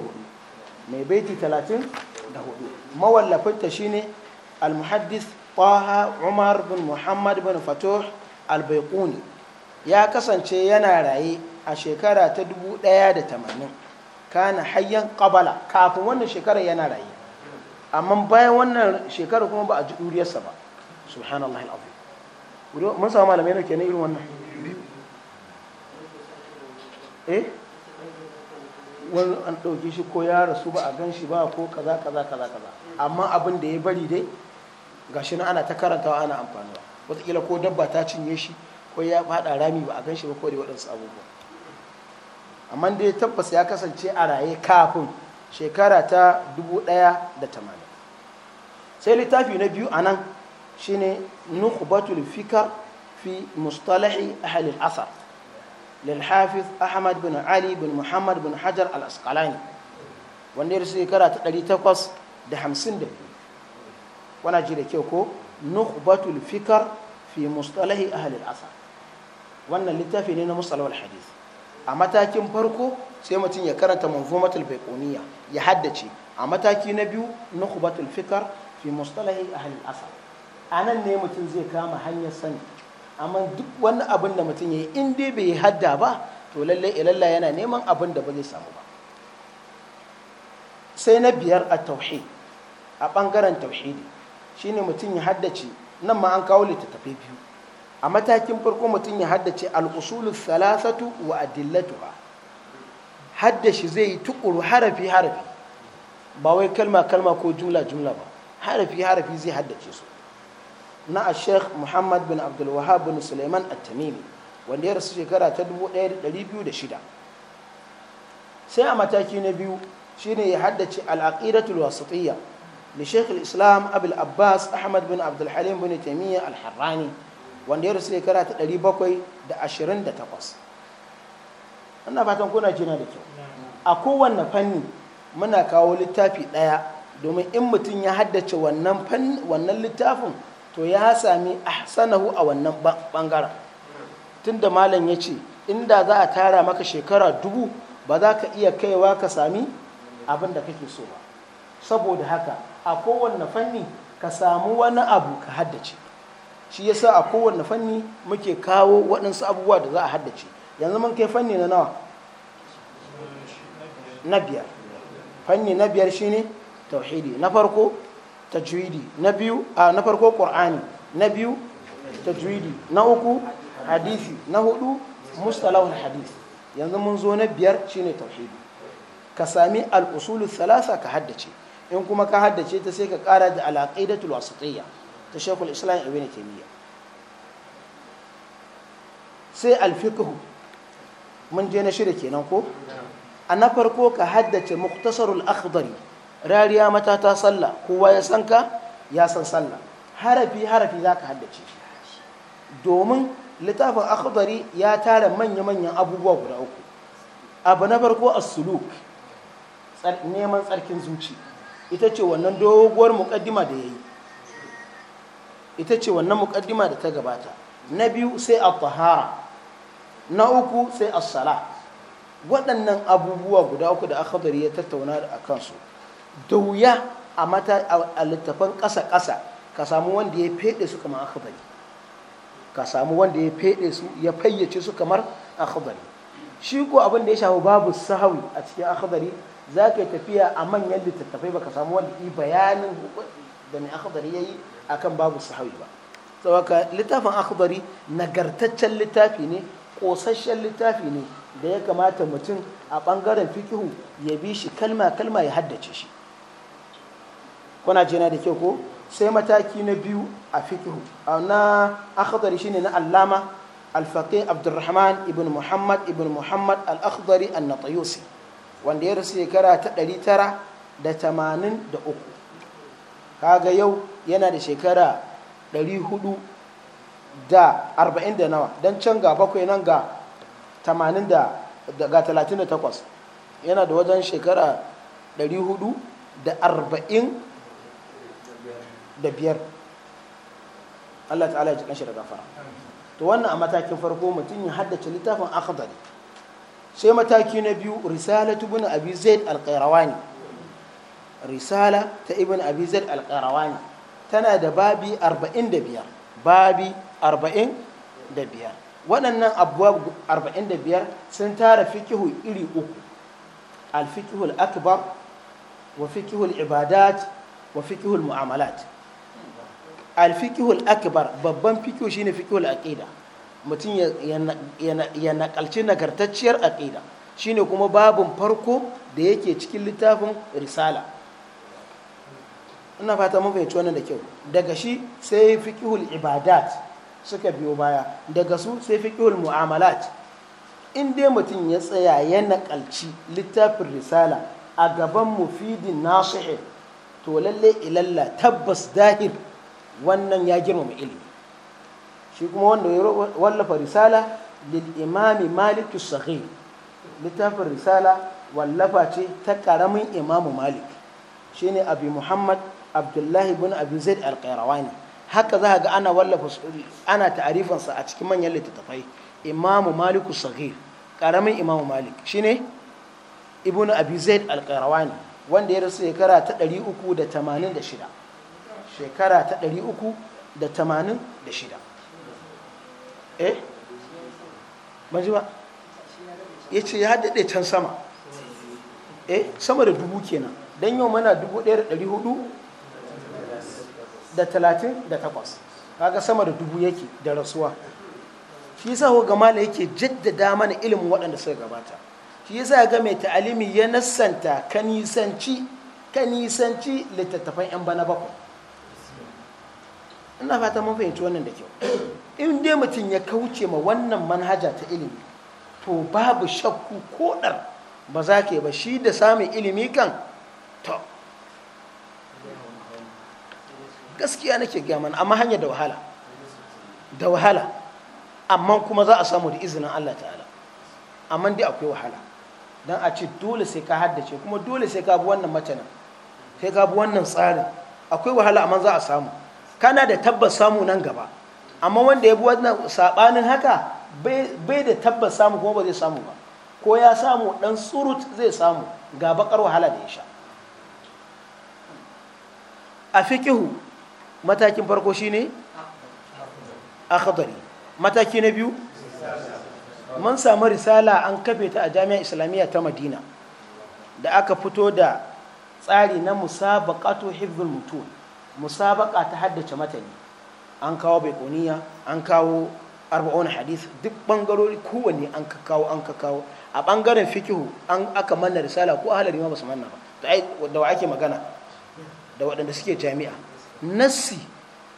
mai baiti 34 mawallafinta shine almuhaddis طه umar bin Muhammad, bin فتوح albaikuni ya kasance yana raye a shekara ta 1080 kana hayyan kabala kafin wannan shekarar yana raye amma bayan wannan shekarar kuma ba a ji ɗuriyarsa ba subhanallah al'abu mun samu malamai na kenan irin wannan eh wani an ɗauki shi ko ya rasu ba a gan shi ba ko kaza kaza kaza kaza amma abin da ya bari dai gashi na ana ta karantawa ana amfanuwa wataƙila ko dabba ta cinye shi ko ya faɗa rami ba a gan shi ba ko da waɗansu abubuwa amma dai tabbas ya kasance a raye kafin shekara ta dubu ɗaya da tamanin sai littafi na biyu a nan shi shine nukhbatul fikar fi mustalahi ahli asar lil hafiz ahmad bin ali bin muhammad bin hajar al-asqalani wanda ya shekara ta 852 wana ji da kyau ko nukhbatul fikar fi mustalahi ahli al wannan littafi ne na mustalahul hadith a matakin farko sai mutum ya karanta manzumatul baiquniya ya haddace a mataki na biyu nukhbatul fikar fi mustalahi halin asa. anan ne mutum zai kama hanyar sani amma duk wani abin da mutum ya yi in dai bai hadda ba to lallai ilalla yana neman abin da ba zai samu ba sai na biyar a tauhid a ɓangaren tauhidi shine mutum ya haddace nan ma an kawo littattafai biyu a matakin farko mutum ya haddace al'usulu salasatu wa adillatuha haddashi zai yi tukuru harafi harafi ba wai kalma kalma ko jumla jumla ba harafi harafi zai haddace su na a sheikh muhammad bin abdulwahab bin suleiman at-tamimi wanda ya rasu shekara ta 1206 sai a mataki na biyu shine ya haddace al'aqidatul wasatiyya لشيخ الإسلام أبي abbas أحمد بن عبد الحليم بن تيمية الحراني wanda ya rasu ne kara ta ɗari bakwai da ashirin da takwas ina fatan kuna jina da kyau a kowanne fanni muna kawo littafi ɗaya domin in mutum ya haddace wannan littafin to ya sami ahsanahu a wannan ɓangaren tun da malam ya ce inda za a tara maka shekara dubu ba za ka iya kaiwa ka sami abin da kake so ba saboda haka a kowanne fanni ka samu wani abu ka haddace shi yasa a kowanne fanni muke kawo waɗansu abubuwa da za a haddace yanzu mun kai fanni na nawa na biyar fanni na biyar shine tauhidi na farko tajwidi na biyu a na farko qur'ani na biyu tajwidi na uku hadisi na hudu mustalahul hadisi yanzu mun zo na biyar shine tauhidi ka sami al salasa thalatha ka haddace in kuma ka haddace ta sai ka kara da al'aqidatul wasatiyya ta shaykhul islam ibn taymiya sai al mun je na shirya kenan ko a na farko ka haddace muktasarul akhdari rariya mata ta sallah kowa ya san ka ya san sallah harafi harafi za ka haddace domin littafin akhdari ya tara manya-manyan abubuwa guda uku abu na farko as-suluk neman tsarkin zuci. ita ce wannan doguwar muƙaddima da ya yi ita ce wannan mukaddima da ta gabata na biyu sai a tahara na uku sai a sala waɗannan abubuwa guda uku da aka ya tattauna a kansu da wuya a mata a littafan ƙasa-ƙasa ka samu wanda ya feɗe su kamar aka ka samu wanda ya feɗe su ya fayyace su kamar akhbari shi ko abin da ya shafi babu sahawi a cikin akhbari za ka yi tafiya a manyan littattafai baka samu wanda yi bayanin da mai akhdari yayi akan babu sahawi ba saboda littafin akhdari nagartaccen littafi ne kosasshen littafi ne da ya kamata mutum a bangaren fikihu ya bi shi kalma kalma ya haddace shi kuna jina da kyau ko sai mataki na biyu a fikihu na akhdari shine na allama الفقيه عبد ibn Muhammad محمد Muhammad Al الأخضري النطيوسي wanda ya rasu shekara ta uku kaga yau yana da shekara ɗari hudu da arba'in da nawa don can ga bakwai nan ga tamanin da ga takwas yana da wajen shekara ɗari hudu da arba'in da biyar Allah ta'ala ya ji kanshi da gafara to wannan a matakin farko mutum ya haddace littafin akhdari sai mataki na biyu risala ta ibn abi zaid al-qayrawani risala ta ibn abi zaid al-qayrawani tana da babi 45 babi 45 waɗannan abubuwa 45 sun tara fikihu iri uku al-fikihu al-akbar wa fikihu al-ibadat wa fikihu al-mu'amalat al-fikihu al-akbar babban fikihu shine fikihu al-aqida mutum ya nakalci nagartacciyar aƙida shine kuma babin farko da yake cikin littafin risala ina fata mun fahimci wannan da kyau daga shi sai fiƙihul ibadat suka biyo baya daga su sai fiqhul mu'amalat in dai mutum ya tsaya ya nakalci littafin risala a gaban mufidin nasue to lalle ilalla tabbas dahir wannan ya girmama ilimi shi kuma wanda ya wallafa risala lil imami malik sahih littafin risala wallafa ce ta karamin imamu malik shine abi muhammad abdullahi bin abi zaid al-qayrawani haka za ga ana wallafa ana ta'arifansa a cikin manyan littattafai imamu malik sahih karamin imamu malik shine Ibn abi zaid al-qayrawani wanda ya rasu shekara ta 386 shekara ta 386 eh ban ya ce ya daɗe can sama eh sama da dubu kenan don yau mana dubu ɗaya da ɗari hudu da talatin da takwas kaga sama da dubu yake da rasuwa shi yasa ko gamala yake jaddada mana ilimin waɗanda suka gabata shi yasa ga mai ta'alimi ya nassanta kanisanci kanisanci littattafan yan bana bakwai ina fata mun fahimci wannan da kyau in dai mutum ya kauce ma wannan manhaja ta ilimi to babu shakku ko ɗar ba za ke ba shi da samun ilimi kan to gaskiya nake gaman amma hanyar da wahala da wahala amma kuma za a samu da izinin Allah ta'ala amma dai akwai wahala don a ce dole sai ka haddace kuma dole sai ka bi wannan matanin sai ka bi wannan tsarin akwai wahala amma za a samu kana da tabbas samu nan gaba amma wanda ya bi wannan sabanin haka bai da tabbas samu kuma ba zai samu ba ko ya samu dan surut zai samu ga bakar wahala da ya sha a fiqihu matakin farko shine akhdari mataki na biyu mun samu risala an kafe ta a jami'ar islamiyya ta madina da aka fito da tsari na musabaqatu hifzul mutun musabaqa ta haddace matani an kawo baikoniya an kawo arba'una hadis duk bangarori kowanne an ka kawo an ka kawo a bangaren fikihu an aka manna risala ko ahalari ma ba manna ba to ai da wa ake magana da waɗanda suke jami'a nassi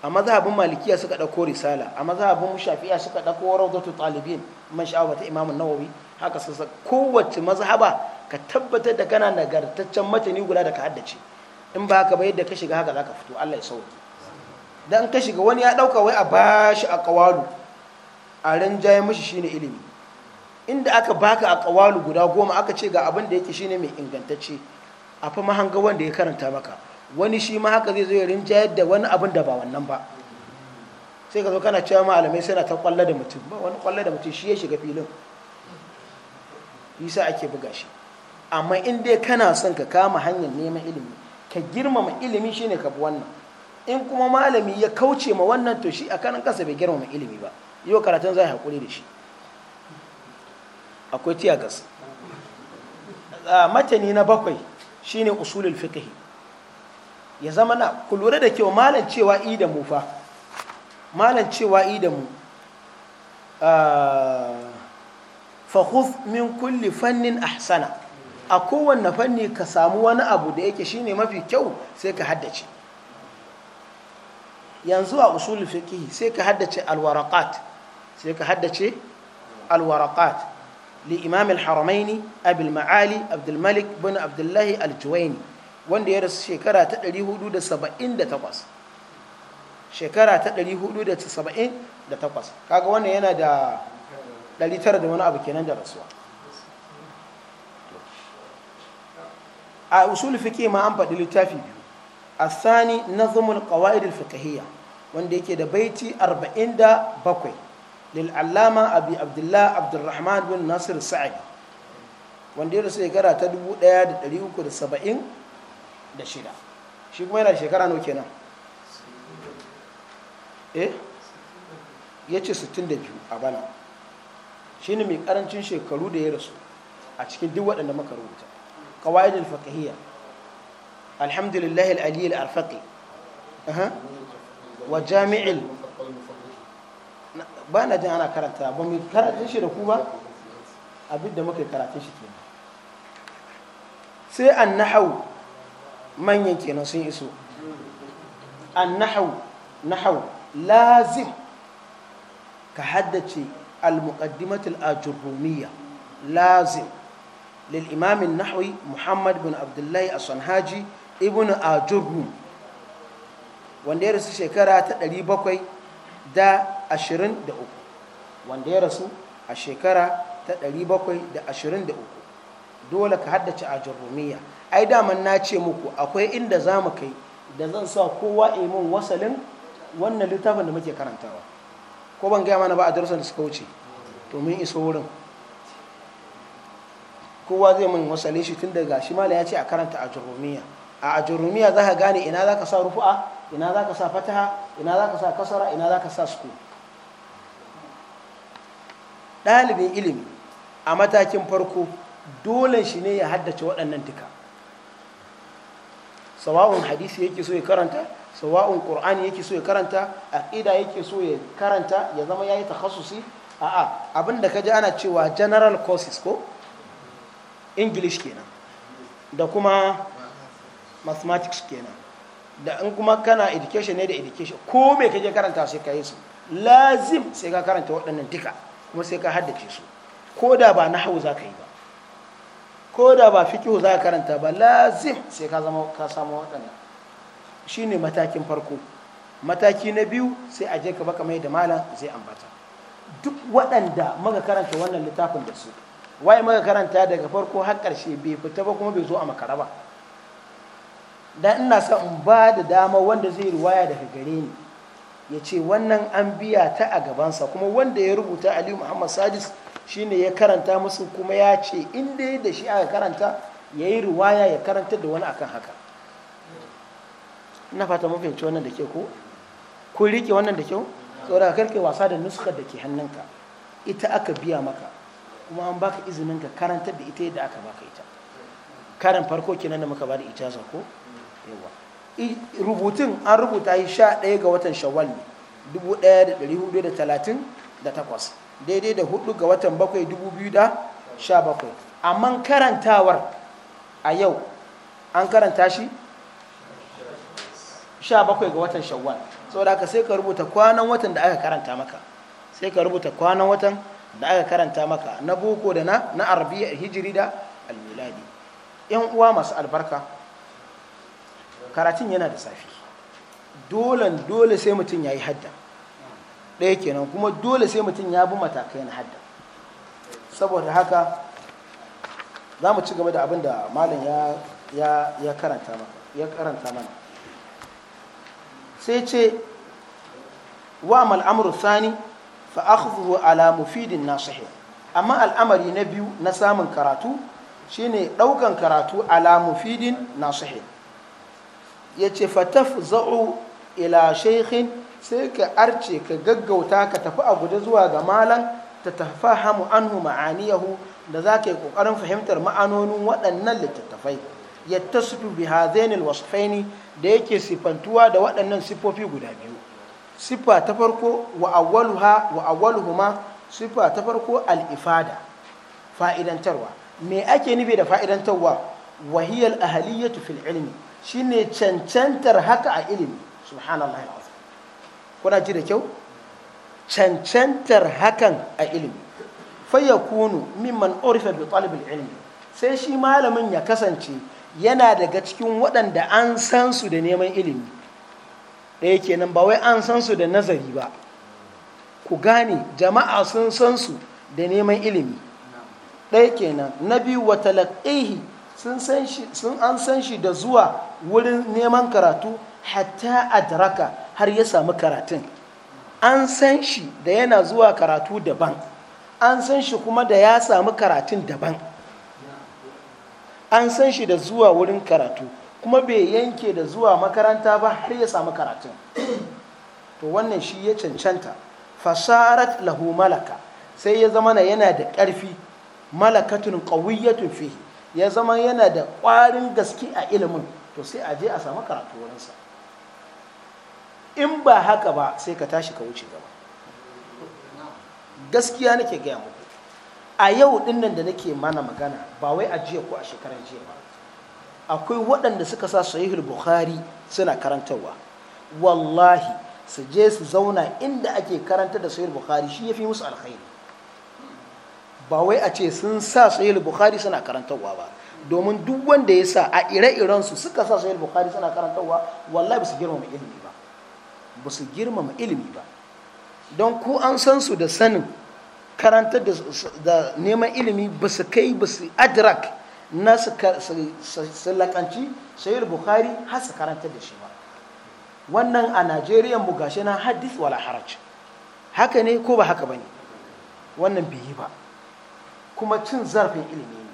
a mazhabin malikiya suka ɗauko risala a mazhabin shafi'a suka ɗauko rawdatu talibin man sha'awa ta imamun nawawi haka sassa kowace mazhaba ka tabbatar da kana nagartaccen matani guda da ka haddace in ba haka ba yadda ka shiga haka za ka fito Allah ya sauke dan ka shiga wani ya ɗauka wai a bashi a kawalu a rinjaye mishi shine ilimi inda aka baka a kawalu guda goma aka ce ga abin da yake shine mai ingantacce a fa mahanga wanda ya karanta maka wani shi ma haka zai zo ya rinjayar da wani abin da ba wannan ba sai ka zo kana cewa malamai sai ta kwallo da mutum ba wani kwallo da mutum shi ya shiga filin yasa ake buga shi amma in dai kana son ka kama hanyar neman ilimi ka girmama ilimi shine ka bi wannan in kuma malami ya kauce ma wannan to shi a kanan kasa bai girmama ilimi ba yau karatun zai haƙuri da shi akwai tiyagas matani na bakwai shine usulul fiqhi ya zama na ku da kyau malam cewa i da mu fa malam cewa i da mu fa min kulli fannin ahsana a kowanne fanni ka samu wani abu da yake shine mafi kyau sai ka haddace yanzu a usul fiqh sai ka haddace alwaraqat sai ka haddace alwaraqat li imam al-haramaini abul ma'ali abdul malik bin abdullahi al wanda ya rasu shekara ta 478 shekara ta 478 kaga wannan yana da 900 da wani abu kenan da rasuwa a usul fiqh ma an faɗi littafi biyu الثاني نظم القواعد الفقهية وندي كده بيتي أربعين دا بقوي للعلامة أبي عبد الله عبد الرحمن بن ناصر السعدي وندي رسول كرا تدبو دا دليو كده سبعين دا شدا شيك مينا شكرا نوكينا إيه yace 62 a bana shine mai karancin shekaru da ya rasu a cikin duk waɗanda muka rubuta qawaidul faqhiyya alhamdulillahi wa jami'il ba na jin ana karanta ba mu karatun shi da ku abin da muka karatun shi sai an nahau manyan kenan sun iso an nahau nahau ka haddace al-muqaddimatul lil imamin للإمام النحوي محمد بن عبد الله الصنهاجي ibn ajurhum wanda ya rasu shekara ta 723 wanda ya rasu a shekara ta 723 dole ka haddace ajurumiya ai daman na ce muku akwai inda za mu kai da zan sa kowa imin wasalin wannan littafin da muke karantawa ko ban gaya mana ba a darussan da suka wuce domin iso wurin kowa zai min wasalin shi tun daga shi mala ya ce a karanta ajurumiya a ajurumiya za ka gane ina za ka sa rufu'a ina za ka sa fataha ina za ka sa kasara ina za ka sa suku ɗalibin ilimi a matakin farko dole shi ne ya haddace waɗannan duka sawa'un hadisi yake so ya karanta sawa'un ƙur'ani yake so ya karanta aƙida yake so ya karanta ya zama ya yi takhasusi a'a abin da ka ji ana cewa general courses ko english kenan da kuma mathematics kenan da in kuma kana education ne da education ko me kake karanta sai ka yi su lazim sai ka karanta waɗannan duka kuma sai ka haddace su ko da ba na hau za ka yi ba ko da ba hu za ka karanta ba lazim sai ka zama ka samu waɗannan shine matakin farko mataki na biyu sai a je ka baka mai da malam zai ambata duk waɗanda maka karanta wannan littafin da su waye maka karanta daga farko har ƙarshe bai fita ba kuma bai zo a makara ba dan ina sa in ba da dama wanda zai ruwaya daga gare ni ya ce wannan an biya ta a gabansa kuma wanda ya rubuta Ali muhammad sadis shine ya karanta musu kuma ya ce inda da shi aka karanta yayi yi ya karanta da wani akan haka ina fata mun fahimci wannan da ke ko ku rike wannan da kyau Ka karke wasa da nuskar da ke hannunka ita aka biya maka kuma an baka izinin ka karanta da ita yadda aka baka ita Karin farko kenan da muka ba da ijaza ko rubutun an rubuta yi sha ɗaya ga watan shawwal ne dubu da hudu da talatin da takwas daidai da hudu ga watan bakwai dubu biyu da sha bakwai amma karantawar a yau an karanta shi sha bakwai ga watan shawwal saboda haka sai ka rubuta kwanan watan da aka karanta maka sai ka rubuta kwanan watan da aka karanta maka na boko da na na arabiya hijiri da almiladi yan uwa masu albarka karatun yana da safi dolan dole sai mutum ya yi hadda ɗaya kenan kuma dole sai mutum ya bi matakai na hadda saboda haka za mu ci gaba da abin da malam ya karanta mana sai ce wa mal'amuru sani fa akhzuhu ala mufidin nasihi amma al'amari na biyu na samun karatu shine ɗaukan karatu ala mufidin nasihi ya ce fataf za'u ila shaikhin sai ka arce ka gaggauta ka tafi a guje zuwa ga malam ta tafahamu anhu ma'aniyahu da za ka yi ƙoƙarin fahimtar ma'anonin waɗannan littattafai ya tasifu bi hazainil wasfaini da yake sifantuwa da waɗannan siffofi guda biyu siffa ta farko wa awwaluhuma siffa ta farko al'ifada fa'idantarwa me ake nufi da fa'idantarwa wahiyal ahliyatu fil ilmi shine cancantar haka a ilimi subhanallah alazim kuna ji da kyau cancantar hakan a ilimi kunu mimman orifa da talibin ilimi. sai shi malamin ya kasance yana daga cikin waɗanda an san su da neman ilimi ɗaya kenan ba wai an san su da nazari ba ku gane jama'a sun san su da neman ilimi ɗaya kenan na biyu wa talaqihi sun an san shi da zuwa wurin neman karatu hatta adraka har ya samu karatun an san shi da yana zuwa karatu daban an san shi kuma da ya samu karatun daban an san shi da zuwa wurin karatu kuma bai yanke da zuwa makaranta ba har ya samu karatun to wannan shi ya cancanta fasarat lahu malaka sai ya zama yana da ƙarfi malakatun ƙawiyyatun fihi ya zama yana da ƙwarin gaske a ilimin to sai a je a samu karatu wurinsa in ba haka ba sai ka tashi ka wuce gaba gaskiya nake gaya muku a yau dinnan da nake mana magana ba wai a jiya ko a shekarar jiya ba akwai waɗanda suka sa sahihul bukhari suna karantarwa wallahi su je su zauna inda ake karanta da sahihul bukhari shi ya fi musu alkhairi ba wai a ce sun sa sahih bukhari suna karantarwa ba domin duk wanda ya sa a ire-iren su suka sa sahih bukhari suna karantarwa wallahi ba su girmama ilimi ba ba su girmama ilimi ba don ko an san su da sanin karantar da neman ilimi ba su kai ba su adrak na su lakanci sahih bukhari har su karantar da shi ba wannan a najeriya mu gashi na hadith wala haraj haka ne ko ba haka bane wannan bai yi ba kuma cin zarafin ilimi ne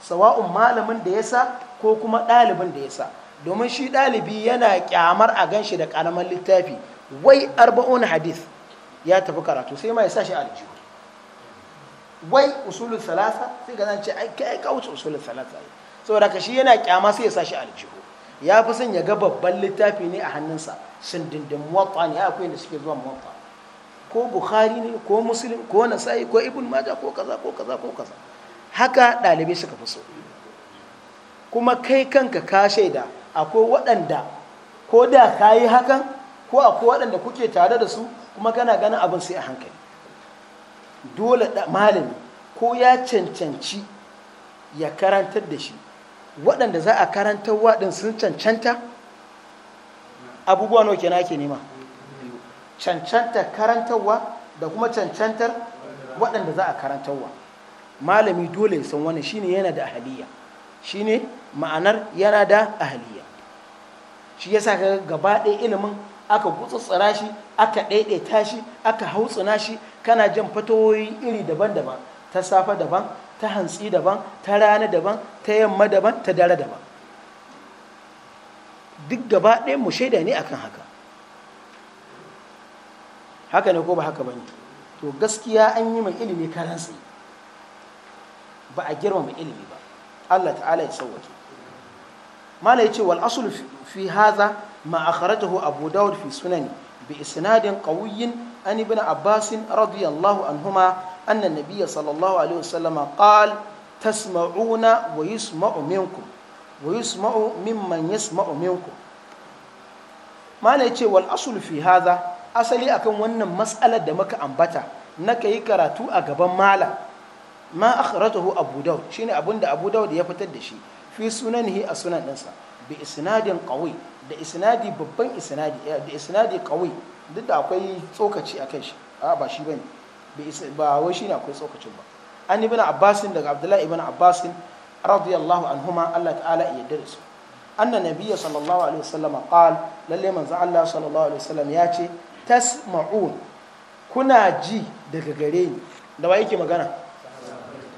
sawa'un malamin da ya sa ko kuma ɗalibin da ya sa domin shi ɗalibi yana kyamar a gan shi da ƙaramin littafi wai arba'un hadis ya tafi karatu sai ma ya sa shi aljihu wai usulun salasa sai ga zance ai ka wuce usulun salasa yi saboda ka shi yana kyama sai ya sa shi aljihu ya fi son ya ga babban littafi ne a hannunsa sindindin muwatta ne akwai da suke zuwa muwatta ko bukhari ne ko muslim ko nasa'i ko ibn maja ko kaza ko kaza ko kaza haka ɗalibai suka fi so kuma kai kanka ka shaida akwai waɗanda ko da ka yi hakan ko akwai waɗanda kuke tare da su kuma kana ganin abin sai a hankali dole malami ko ya cancanci ya karantar da shi waɗanda za a karantar waɗin sun cancanta abubuwa nawa kenan ake nema cancantar karantarwa da kuma cancantar waɗanda za a karantarwa malami dole ya san wani shine yana da ahaliya shine ma'anar yana da ahaliya shi yasa ka gaba ɗaya ilimin aka gutsutsura shi aka ɗaiɗaita shi aka tsina shi kana jan fatoyi iri daban-daban ta safa daban ta hantsi daban ta rana daban ta yamma daban ta dare daban duk gaba ɗaya mu shaida ne akan haka haka ne ko ba haka ba ne to gaskiya an yi mai ilimi karan tsaye ba a girmama ilimi ba Allah ta'ala ya tsawaki mala yace wal asl fi hadha ma akhrajahu abu daud fi sunani bi isnadin qawiyyin an ibn abbas radiyallahu anhuma anna an-nabiy sallallahu alaihi wasallam qala tasma'una wa yusma'u minkum wa yusma'u mimman yasma'u minkum mala yace wal asl fi hadha asali akan wannan matsalar da muka ambata na yi karatu a gaban mala ma akhrajahu abu daud shine da abu daud ya fitar da shi fi sunanihi a sunan ɗinsa bi isnadin qawi da isnadi babban isnadi eh, da isnadi qawi duk da akwai tsokaci a kai shi a ba shi bane bi ba wai shine akwai tsokacin ba an ibn abbasin daga abdullahi ibn abbasin radiyallahu anhuma Allah ta'ala ya yarda su anna nabiyya sallallahu alaihi wasallam qala lalle manzo Allah sallallahu alaihi wasallam ya ce tasma'un kuna ji daga gare ni da wa yake magana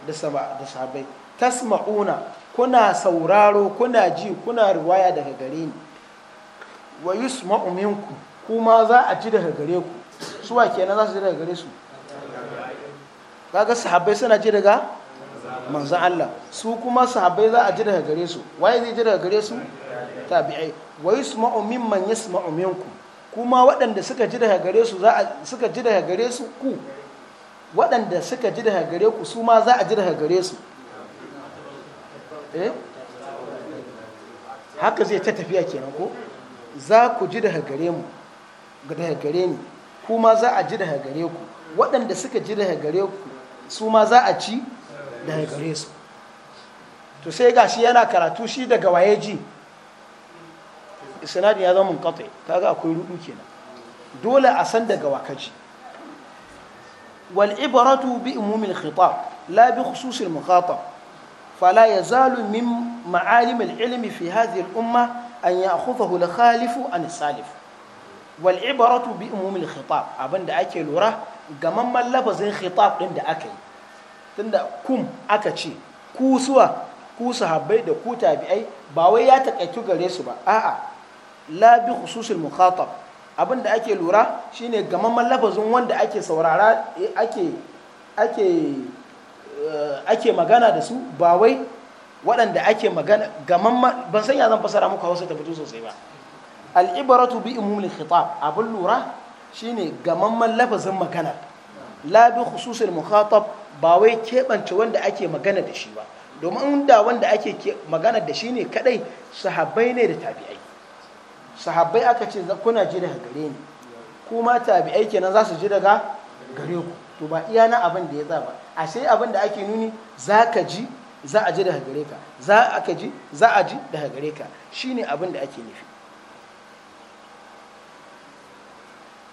da sabai tasma'una kuna sauraro kuna ji kuna riwaya daga gare ni wa yusma'u minku kuma za a ji daga gare ku su wa kenan za su ji daga gare su kaga sahabbai suna ji daga manzo Allah su kuma sahabbai za a ji daga gare su waye zai ji daga gare su tabi'ai wa yusma'u mimman yasma'u minkum kuma waɗanda suka ji daga gare su za a suka ji daga gare su ku waɗanda suka ji daga gare ku su ma za a ji daga gare su eh haka zai ta tafiya kenan ko za ku ji daga gare mu daga gare ni kuma za a ji daga gare ku waɗanda suka ji daga gare ku su ma za a ci daga gare su to sai gashi yana karatu shi daga waye ji isnadin ya zama ta kaga akwai rudu kenan dole a san daga wakaci walibaratu bi umumil khita la bi khususil muqatab fala yazalu min ma'alim al ilmi fi hadhihi al umma an ya'khudhahu hula khalifu an salif walibaratu bi umumil khitab abinda ake lura gamamman lafazin khitab din da aka yi tunda kum aka ce kusuwa ku sahabbai da ku tabi'ai ba wai ya takaitu gare su ba a'a la bi khususil mukhatab abin da ake lura shine gamamman lafazin wanda ake saurara ake ake eh, ake magana da su ba wai waɗanda ake magana gamamman ban san ya zan fasara muku Hausa ta fito sosai ba al'ibaratu bi umumul khitab abin lura shine gamamman lafazin magana la bi khususil mukhatab ba wai keɓance wanda ake magana da shi ba domin da wanda ake magana da shi ne kadai sahabbai ne da tabi'ai sahabbai aka ce kuna ji daga gare ni kuma tabi'ai kenan za su ji daga gare ku to ba iya na abin da ya za ba a sai abin da ake nuni za ka ji za a ji daga gare ka za a ji za a ji daga gare ka shine abin da ake nufi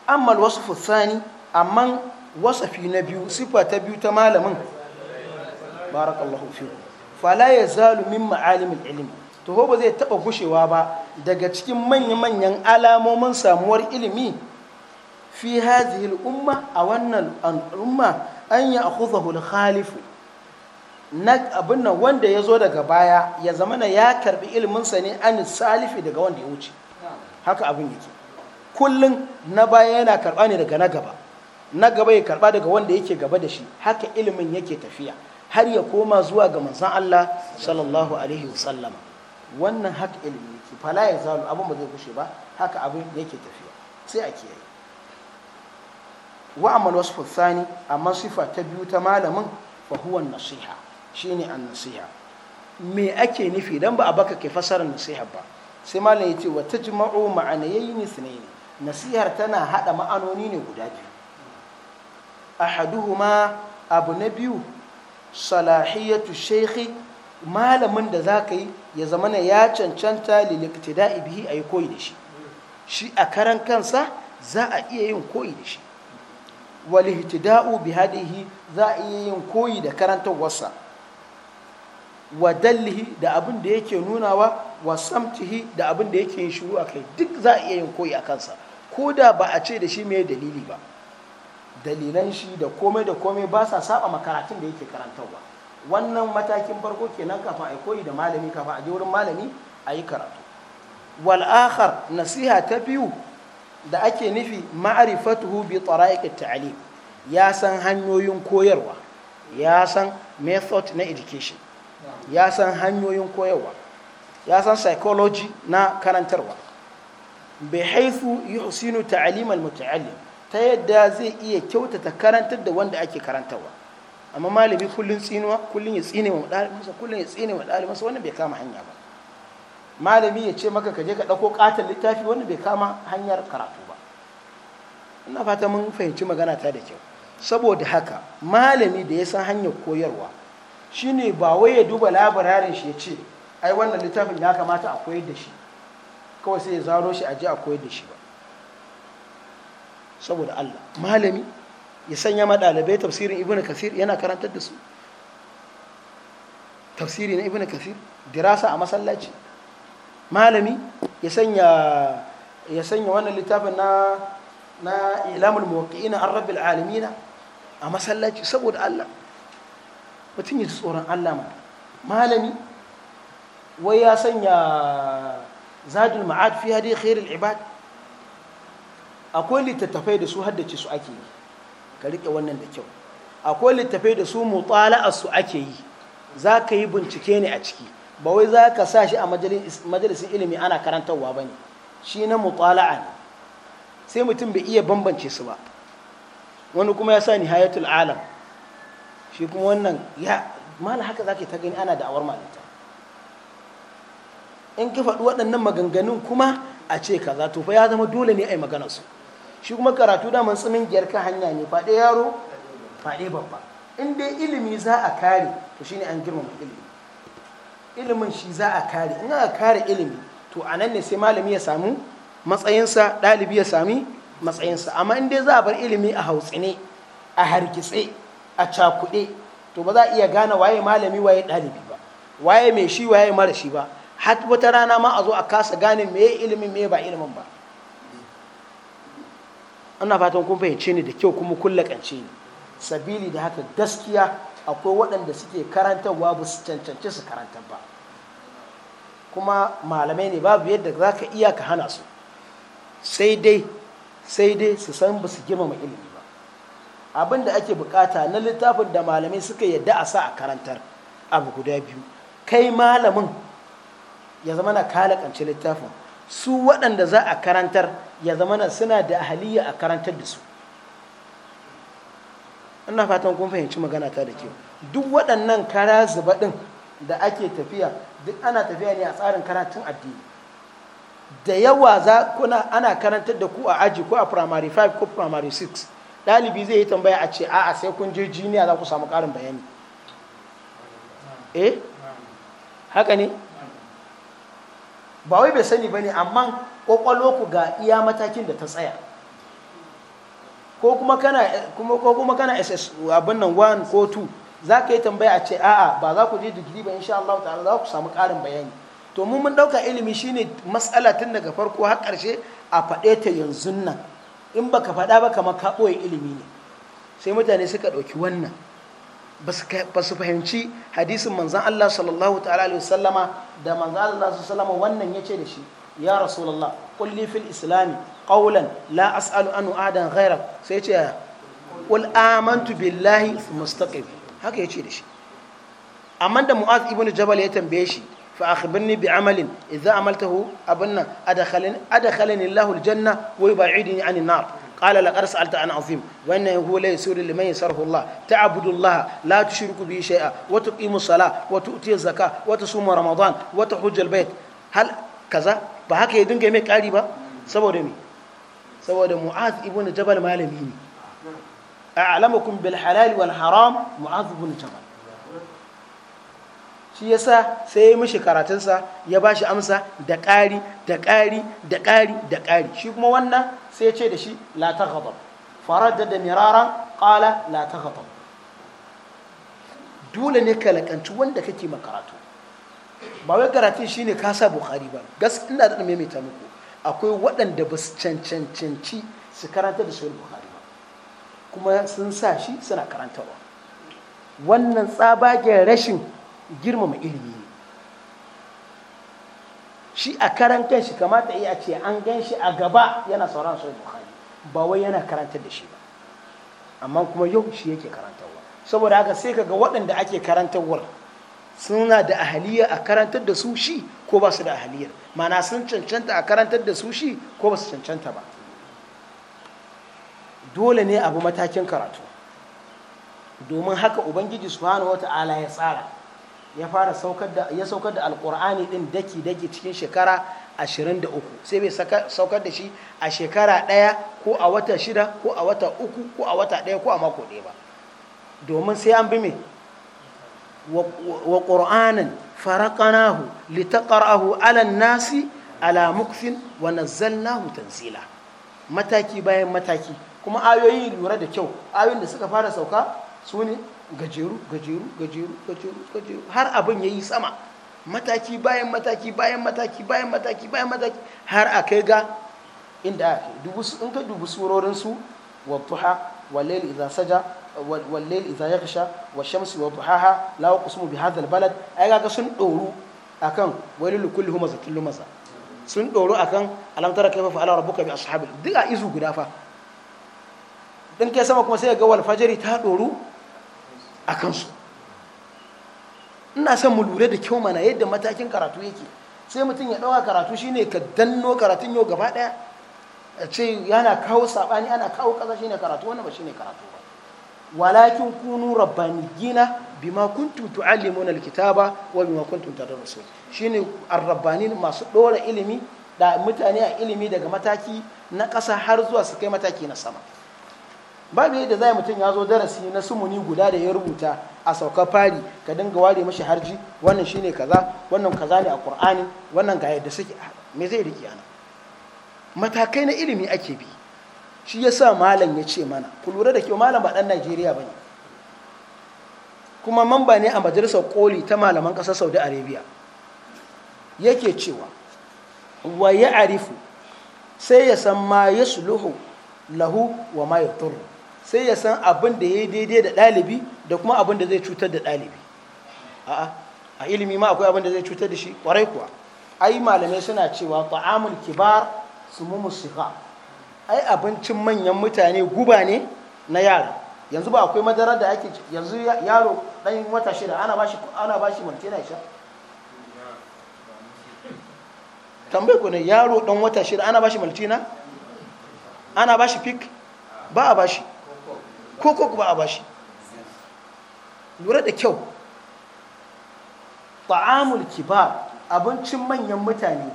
amma wasu thani amma wasafi na biyu sifa ta biyu ta malamin barakallahu fiku fala yazalu min ma'alimil ilmi to ba zai taɓa gushewa ba daga cikin manya-manyan alamomin samuwar ilimi fi hadhihi umma a wannan al'umma an ya a khalifu na abin wanda ya zo daga baya ya zama na ya karbi iliminsa ne an salifi daga wanda ya wuce haka abin yake kullum na baya yana karba ne daga na gaba na gaba ya karba daga wanda yake gaba da shi haka ilimin yake tafiya har ya koma zuwa ga manzon Allah sallallahu alaihi wasallama wannan haka ilimi yake fala ya zalu abin ba zai kushe ba haka abin yake tafiya sai a kiyaye wa amal wasfu thani amma sifa ta biyu ta malamin fa huwa nasiha shine an nasiha me ake nufi dan ba a baka ke fasarar nasiha ba sai malam yace wa tajma'u ma'anayayn ithnayn nasihar tana hada ma'anoni ne guda biyu ahaduhuma abu na biyu salahiyatu shaykhi malamin da zaka yi ya zama na ya cancanta da bihi a yi koyi da shi shi a karan kansa za a iya yin koyi da shi da'u bi hadihi za a iya yin koyi da wasa wa dallihi da abin da yake nunawa wa samtihi da abin da yake yin shiru a kai duk za a iya yin koyi a kansa ko da ba a ce da shi mai dalili ba dalilan shi da komai da komai ba sa saba makaratun da yake karantarwa wannan matakin farko kenan kafin a koyi da malami kafin a je wurin malami a yi karatu Walakar nasiha ta biyu da ake nufi ma'rifatuhu bi tara'iq ta'ali ya san hanyoyin koyarwa ya san method na education ya san hanyoyin koyarwa ya san psychology na karantarwa bai haifu yuhsinu ta'lim al-muta'allim ta yadda zai iya kyautata karantar da wanda ake karantarwa amma malami kullun tsinuwa kullun ya tsine wa ɗalibinsa kullun ya tsine wa ɗalibinsa wannan bai kama hanya ba malami ya ce maka ka je ka ɗauko ƙaton littafi wannan bai kama hanyar karatu ba ina fata mun fahimci magana ta da kyau saboda haka malami da ya san hanyar koyarwa shine ba wai ya duba labararin shi ya ce ai wannan littafin ya kamata a koyar da shi kawai sai ya zaro shi a je a koyar da shi ba saboda Allah malami ya sanya ma ɗalibai tafsirin ibn kasir yana karantar da su tafsiri na ibn kasir dirasa a masallaci malami ya sanya ya sanya wannan littafin na na ilamul muwaqqi'ina an rabbil alamin a masallaci saboda Allah mutum ya tsoron Allah ma malami wai ya sanya zadul ma'ad fi hadi khairul ibad akwai littattafai da su haddace su ake yi ka riƙe wannan da kyau akwai littafai da su mutala'ar su ake yi za ka yi bincike ne a ciki ba wai za ka sa shi a majalisin ilimi ana karantarwa ba ne shi na mutala'a ne sai mutum bai iya bambance su ba wani kuma ya sa hayatul alam shi kuma wannan ya mala haka za ka ta gani ana da'awar malinta in ka faɗi waɗannan maganganun kuma a ce kaza to fa ya zama dole ne a yi maganarsu shi kuma karatu daman tsimin giyar kan hanya ne faɗe yaro faɗe babba in ilimi za a kare to shine an girmama ilimi ilimin shi za a kare in aka kare ilimi to a nan ne sai malami ya samu matsayinsa ɗalibi ya sami matsayinsa amma in dai za a bar ilimi a hautsine a hargitse a cakuɗe to ba za a iya gane waye malami waye ɗalibi ba waye mai shi waye mara shi ba har wata rana ma a zo a kasa gane me ilimin me ba ilimin ba ana fatan kun fahimce ni da kyau kuma kun lakance ni sabili da haka gaskiya akwai waɗanda suke karantarwa ba su cancanci su karantar ba kuma malamai ne babu yadda za ka iya ka hana su sai dai sai dai su san ba su girmama ilimi ba abin da ake bukata na littafin da malamai suka yadda a sa a karantar abu guda biyu kai malamin ya zama na kalakance littafin su waɗanda za a karantar ya zama na suna da ahaliya a karantar da su ina fatan kun fahimci magana ta da kyau duk waɗannan kara zuba ɗin da ake tafiya duk ana tafiya ne a tsarin karatun addini da yawa za kuna ana karantar da ku a aji ko a primary 5 ko primary 6 ɗalibi zai yi tambaya a ce a'a sai kun je jiniya za ku samu ƙarin bayani eh haka ne ba wai bai sani ba ne amma kwakwalo ku ga iya matakin da ta tsaya ko kuma kana ss abin nan 1 ko 2 za ka yi tambaya a ce a'a ba za ku je digiri ba insha Allah ta'ala za ku samu ƙarin bayani to mun mun ɗauka ilimi shine matsala tun daga farko har ƙarshe a faɗe ta yanzu nan in baka faɗa ba kamar ka ɓoye ilimi ne sai mutane suka ɗauki wannan ba su fahimci hadisin manzan Allah sallallahu ta'ala alaihi wasallama da manzan Allah sallallahu wannan ya ce da shi ya rasulallah kulli fil islami qawlan la as'alu an adan ghaira sai ce qul amantu billahi mustaqim haka ya ce da shi amma da mu'az ibn jabal ya tambaye shi fa akhbirni bi amalin idza amaltahu abunna adkhalani adkhalani Allahu aljanna wa yubaidini anin nar قال لقد سألت عن عظيم وإنه هو لا يسور لمن يسره الله تعبد الله لا تشرك به شيئا وتقيم الصلاة وتؤتي الزكاة وتصوم رمضان وتحج البيت هل كذا بهاك يدن جميع قالي با سبو دمي سبو دم معاذ ابن جبل مالمين أعلمكم بالحلال والحرام معاذ ابن جبل shi yasa sai ya mishi karatunsa ya ba shi amsa da ƙari da ƙari da ƙari da ƙari shi kuma wannan sai ya ce da shi la ta farar da da miraran ƙala la ta dole ne ka lakanci wanda kake ma karatu ba wai karatun shi ne kasa bukhari ba gas ina da maimaita muku akwai waɗanda ba su cancanci su karanta da sahih bukhari ba kuma sun sa shi suna karanta ba wannan tsabagen rashin girmama ilimi shi a karan kanshi kamata iya ce an gan shi a gaba yana sauran sai bukhari ba wai yana karantar da shi ba amma kuma yau shi yake karantarwa saboda haka sai kaga waɗanda ake karantarwar suna da ahaliya a karantar da su shi ko ba su da ahaliyar mana sun cancanta a karantar da su shi ko ba su cancanta ba dole ne abu matakin karatu domin haka ubangiji subhanahu wata'ala ya tsara ya fara saukar da ya saukar da alqur'ani din daki daki cikin shekara 23 sai bai saukar da shi a shekara ɗaya ko a wata shida ko a wata uku ko a wata ɗaya ko a mako ɗaya ba domin sai an bi me wa qur'anan faraqnahu litaqra'ahu 'ala an-nasi ala mukfin wa nazzalnahu tanzila mataki bayan mataki kuma ayoyi lura da kyau ayoyin da suka fara sauka su ne gajeru gajeru gajeru gajeru gajeru har abin ya yi sama mataki bayan mataki bayan mataki bayan mataki bayan mataki har a kai ga inda in ka dubi surorinsu. su wadduha idza saja idza yaghsha wa shamsi wa duhaha la uqsimu bi hadha ga sun doru akan walil kulli lumaza sun doru akan alam tara kaifa fa'ala rabbuka bi ashabil duk a izu guda fa kai sama kuma sai ga wal fajri ta doru a kansu ina son mu lura da kyau mana yadda matakin karatu yake sai mutum ya ɗauka karatu shine ka danno karatun yau gaba ɗaya a ce yana kawo saɓani ana kawo ƙasa shine karatu wannan ba shine karatu ba walakin kunu rabbaniyina bima kuntum tu'allimuna alkitaba wa bima kuntum tadrusun shine arrabbanin masu ɗora ilimi da mutane a ilimi daga mataki na ƙasa har zuwa su kai mataki na sama babu yadda zai mutum ya zo darasi na sumuni guda da ya rubuta a saukar fari ka dinga ware mashi harji wannan shine kaza wannan kaza ne a qur'ani wannan ga yadda suke me zai riki ana matakai na ilimi ake bi shi yasa malam ya ce mana ku lura da kyau malam ba ɗan Najeriya bane kuma mamba ne a majalisar koli ta malaman ƙasar Saudi Arabia yake cewa wa ya arifu sai ya san ma ya lahu wa ma ya turu sai ya san abin da ya yi daidai da ɗalibi da kuma abin da zai cutar da ɗalibi a'a a ilimi ma akwai abin da zai cutar da shi kwarai kuwa ai malamai suna cewa ta'amul kibar su mu musiqa ai abincin manyan mutane guba ne na yara yanzu ba akwai madarar da ake yanzu yaro ɗan wata shida ana bashi ana bashi maltina sha tambaye ku ne yaro ɗan wata shida ana bashi maltina ana bashi fik ba a bashi ko ko ba a bashi lura da kyau ta'amul kibar abincin manyan mutane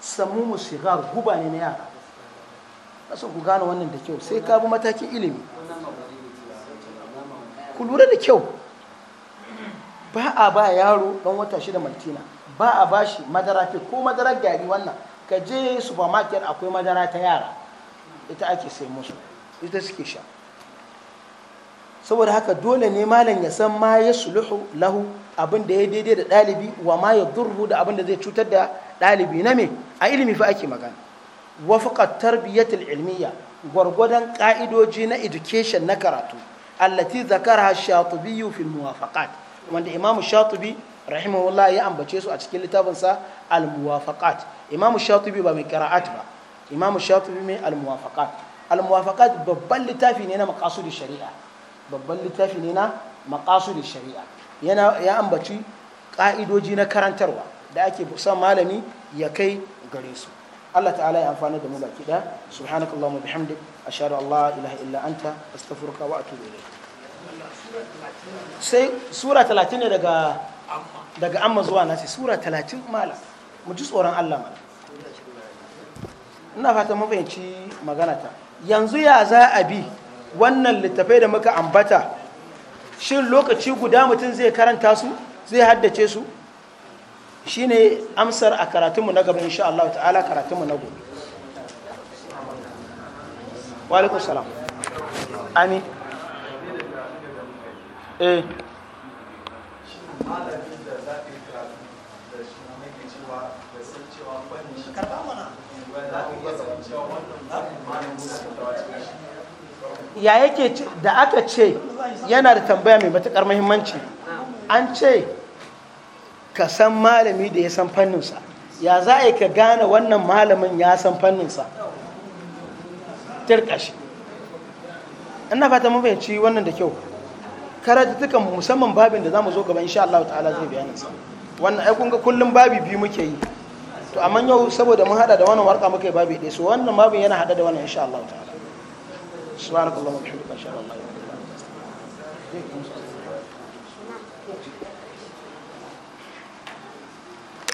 samu musigar guba ne na yara kaso ku gane wannan da kyau sai ka bi matakin ilimi ku lura da kyau ba a ba yaro don wata shida maltina ba a ba shi madara fi ko madara gari wannan ka je supermarket akwai madara ta yara ita ake sai musu ita suke sha saboda haka dole ne malam ya san ma ya suluhu lahu abin da ya daidai da ɗalibi wa ma ya durhu da abin da zai cutar da ɗalibi na me a ilimi fa ake magana wafaqa tarbiyatul ilmiya gwargwadon ka'idoji na education na karatu allati zakara Shatubi fi muwafaqat wanda imam shatibi rahimahullah ya ambace su a cikin sa al muwafaqat imam Shatubi ba mai qira'at ba imam Shatubi mai al muwafaqat al muwafaqat babban littafi ne na maqasid shari'a babban littafi ne na maqasu da shari'a ya ambaci ka'idoji na karantarwa da ake son malami ya kai gare su Allah ta'ala ya amfani da mu baki da subhanakallahumma bihamdik ashhadu Allah la ilaha illa anta astaghfiruka wa atubu ilayk sai sura 30 ne daga daga amma zuwa nasi sura 30 mala mu ji tsoron Allah mala ina fata mun fahimci magana ta yanzu ya za a bi wannan littafai da muka ambata shi lokaci guda mutum zai karanta su zai haddace su shi ne amsar a karatunmu na gaba insha Allah ta'ala karatunmu na gobe wa alaikum salam amin eh karba mana eh, ya yake da aka ce yana da tambaya mai matuƙar muhimmanci an ce ka san malami da ya san fanninsa ya za a yi ka gane wannan malamin ya san fanninsa tirkashi ina fata mun fahimci wannan da kyau karatutukan musamman babin da za mu zo gaba insha Allah ta'ala zai bayanin sa wannan ai kunga ga kullum babi biyu muke yi to amma yau saboda mun hada da wannan warka muke babi ɗaya so wannan babin yana hada da wannan insha Allah ta'ala سبحانك اللهم وبحمدك ان شاء الله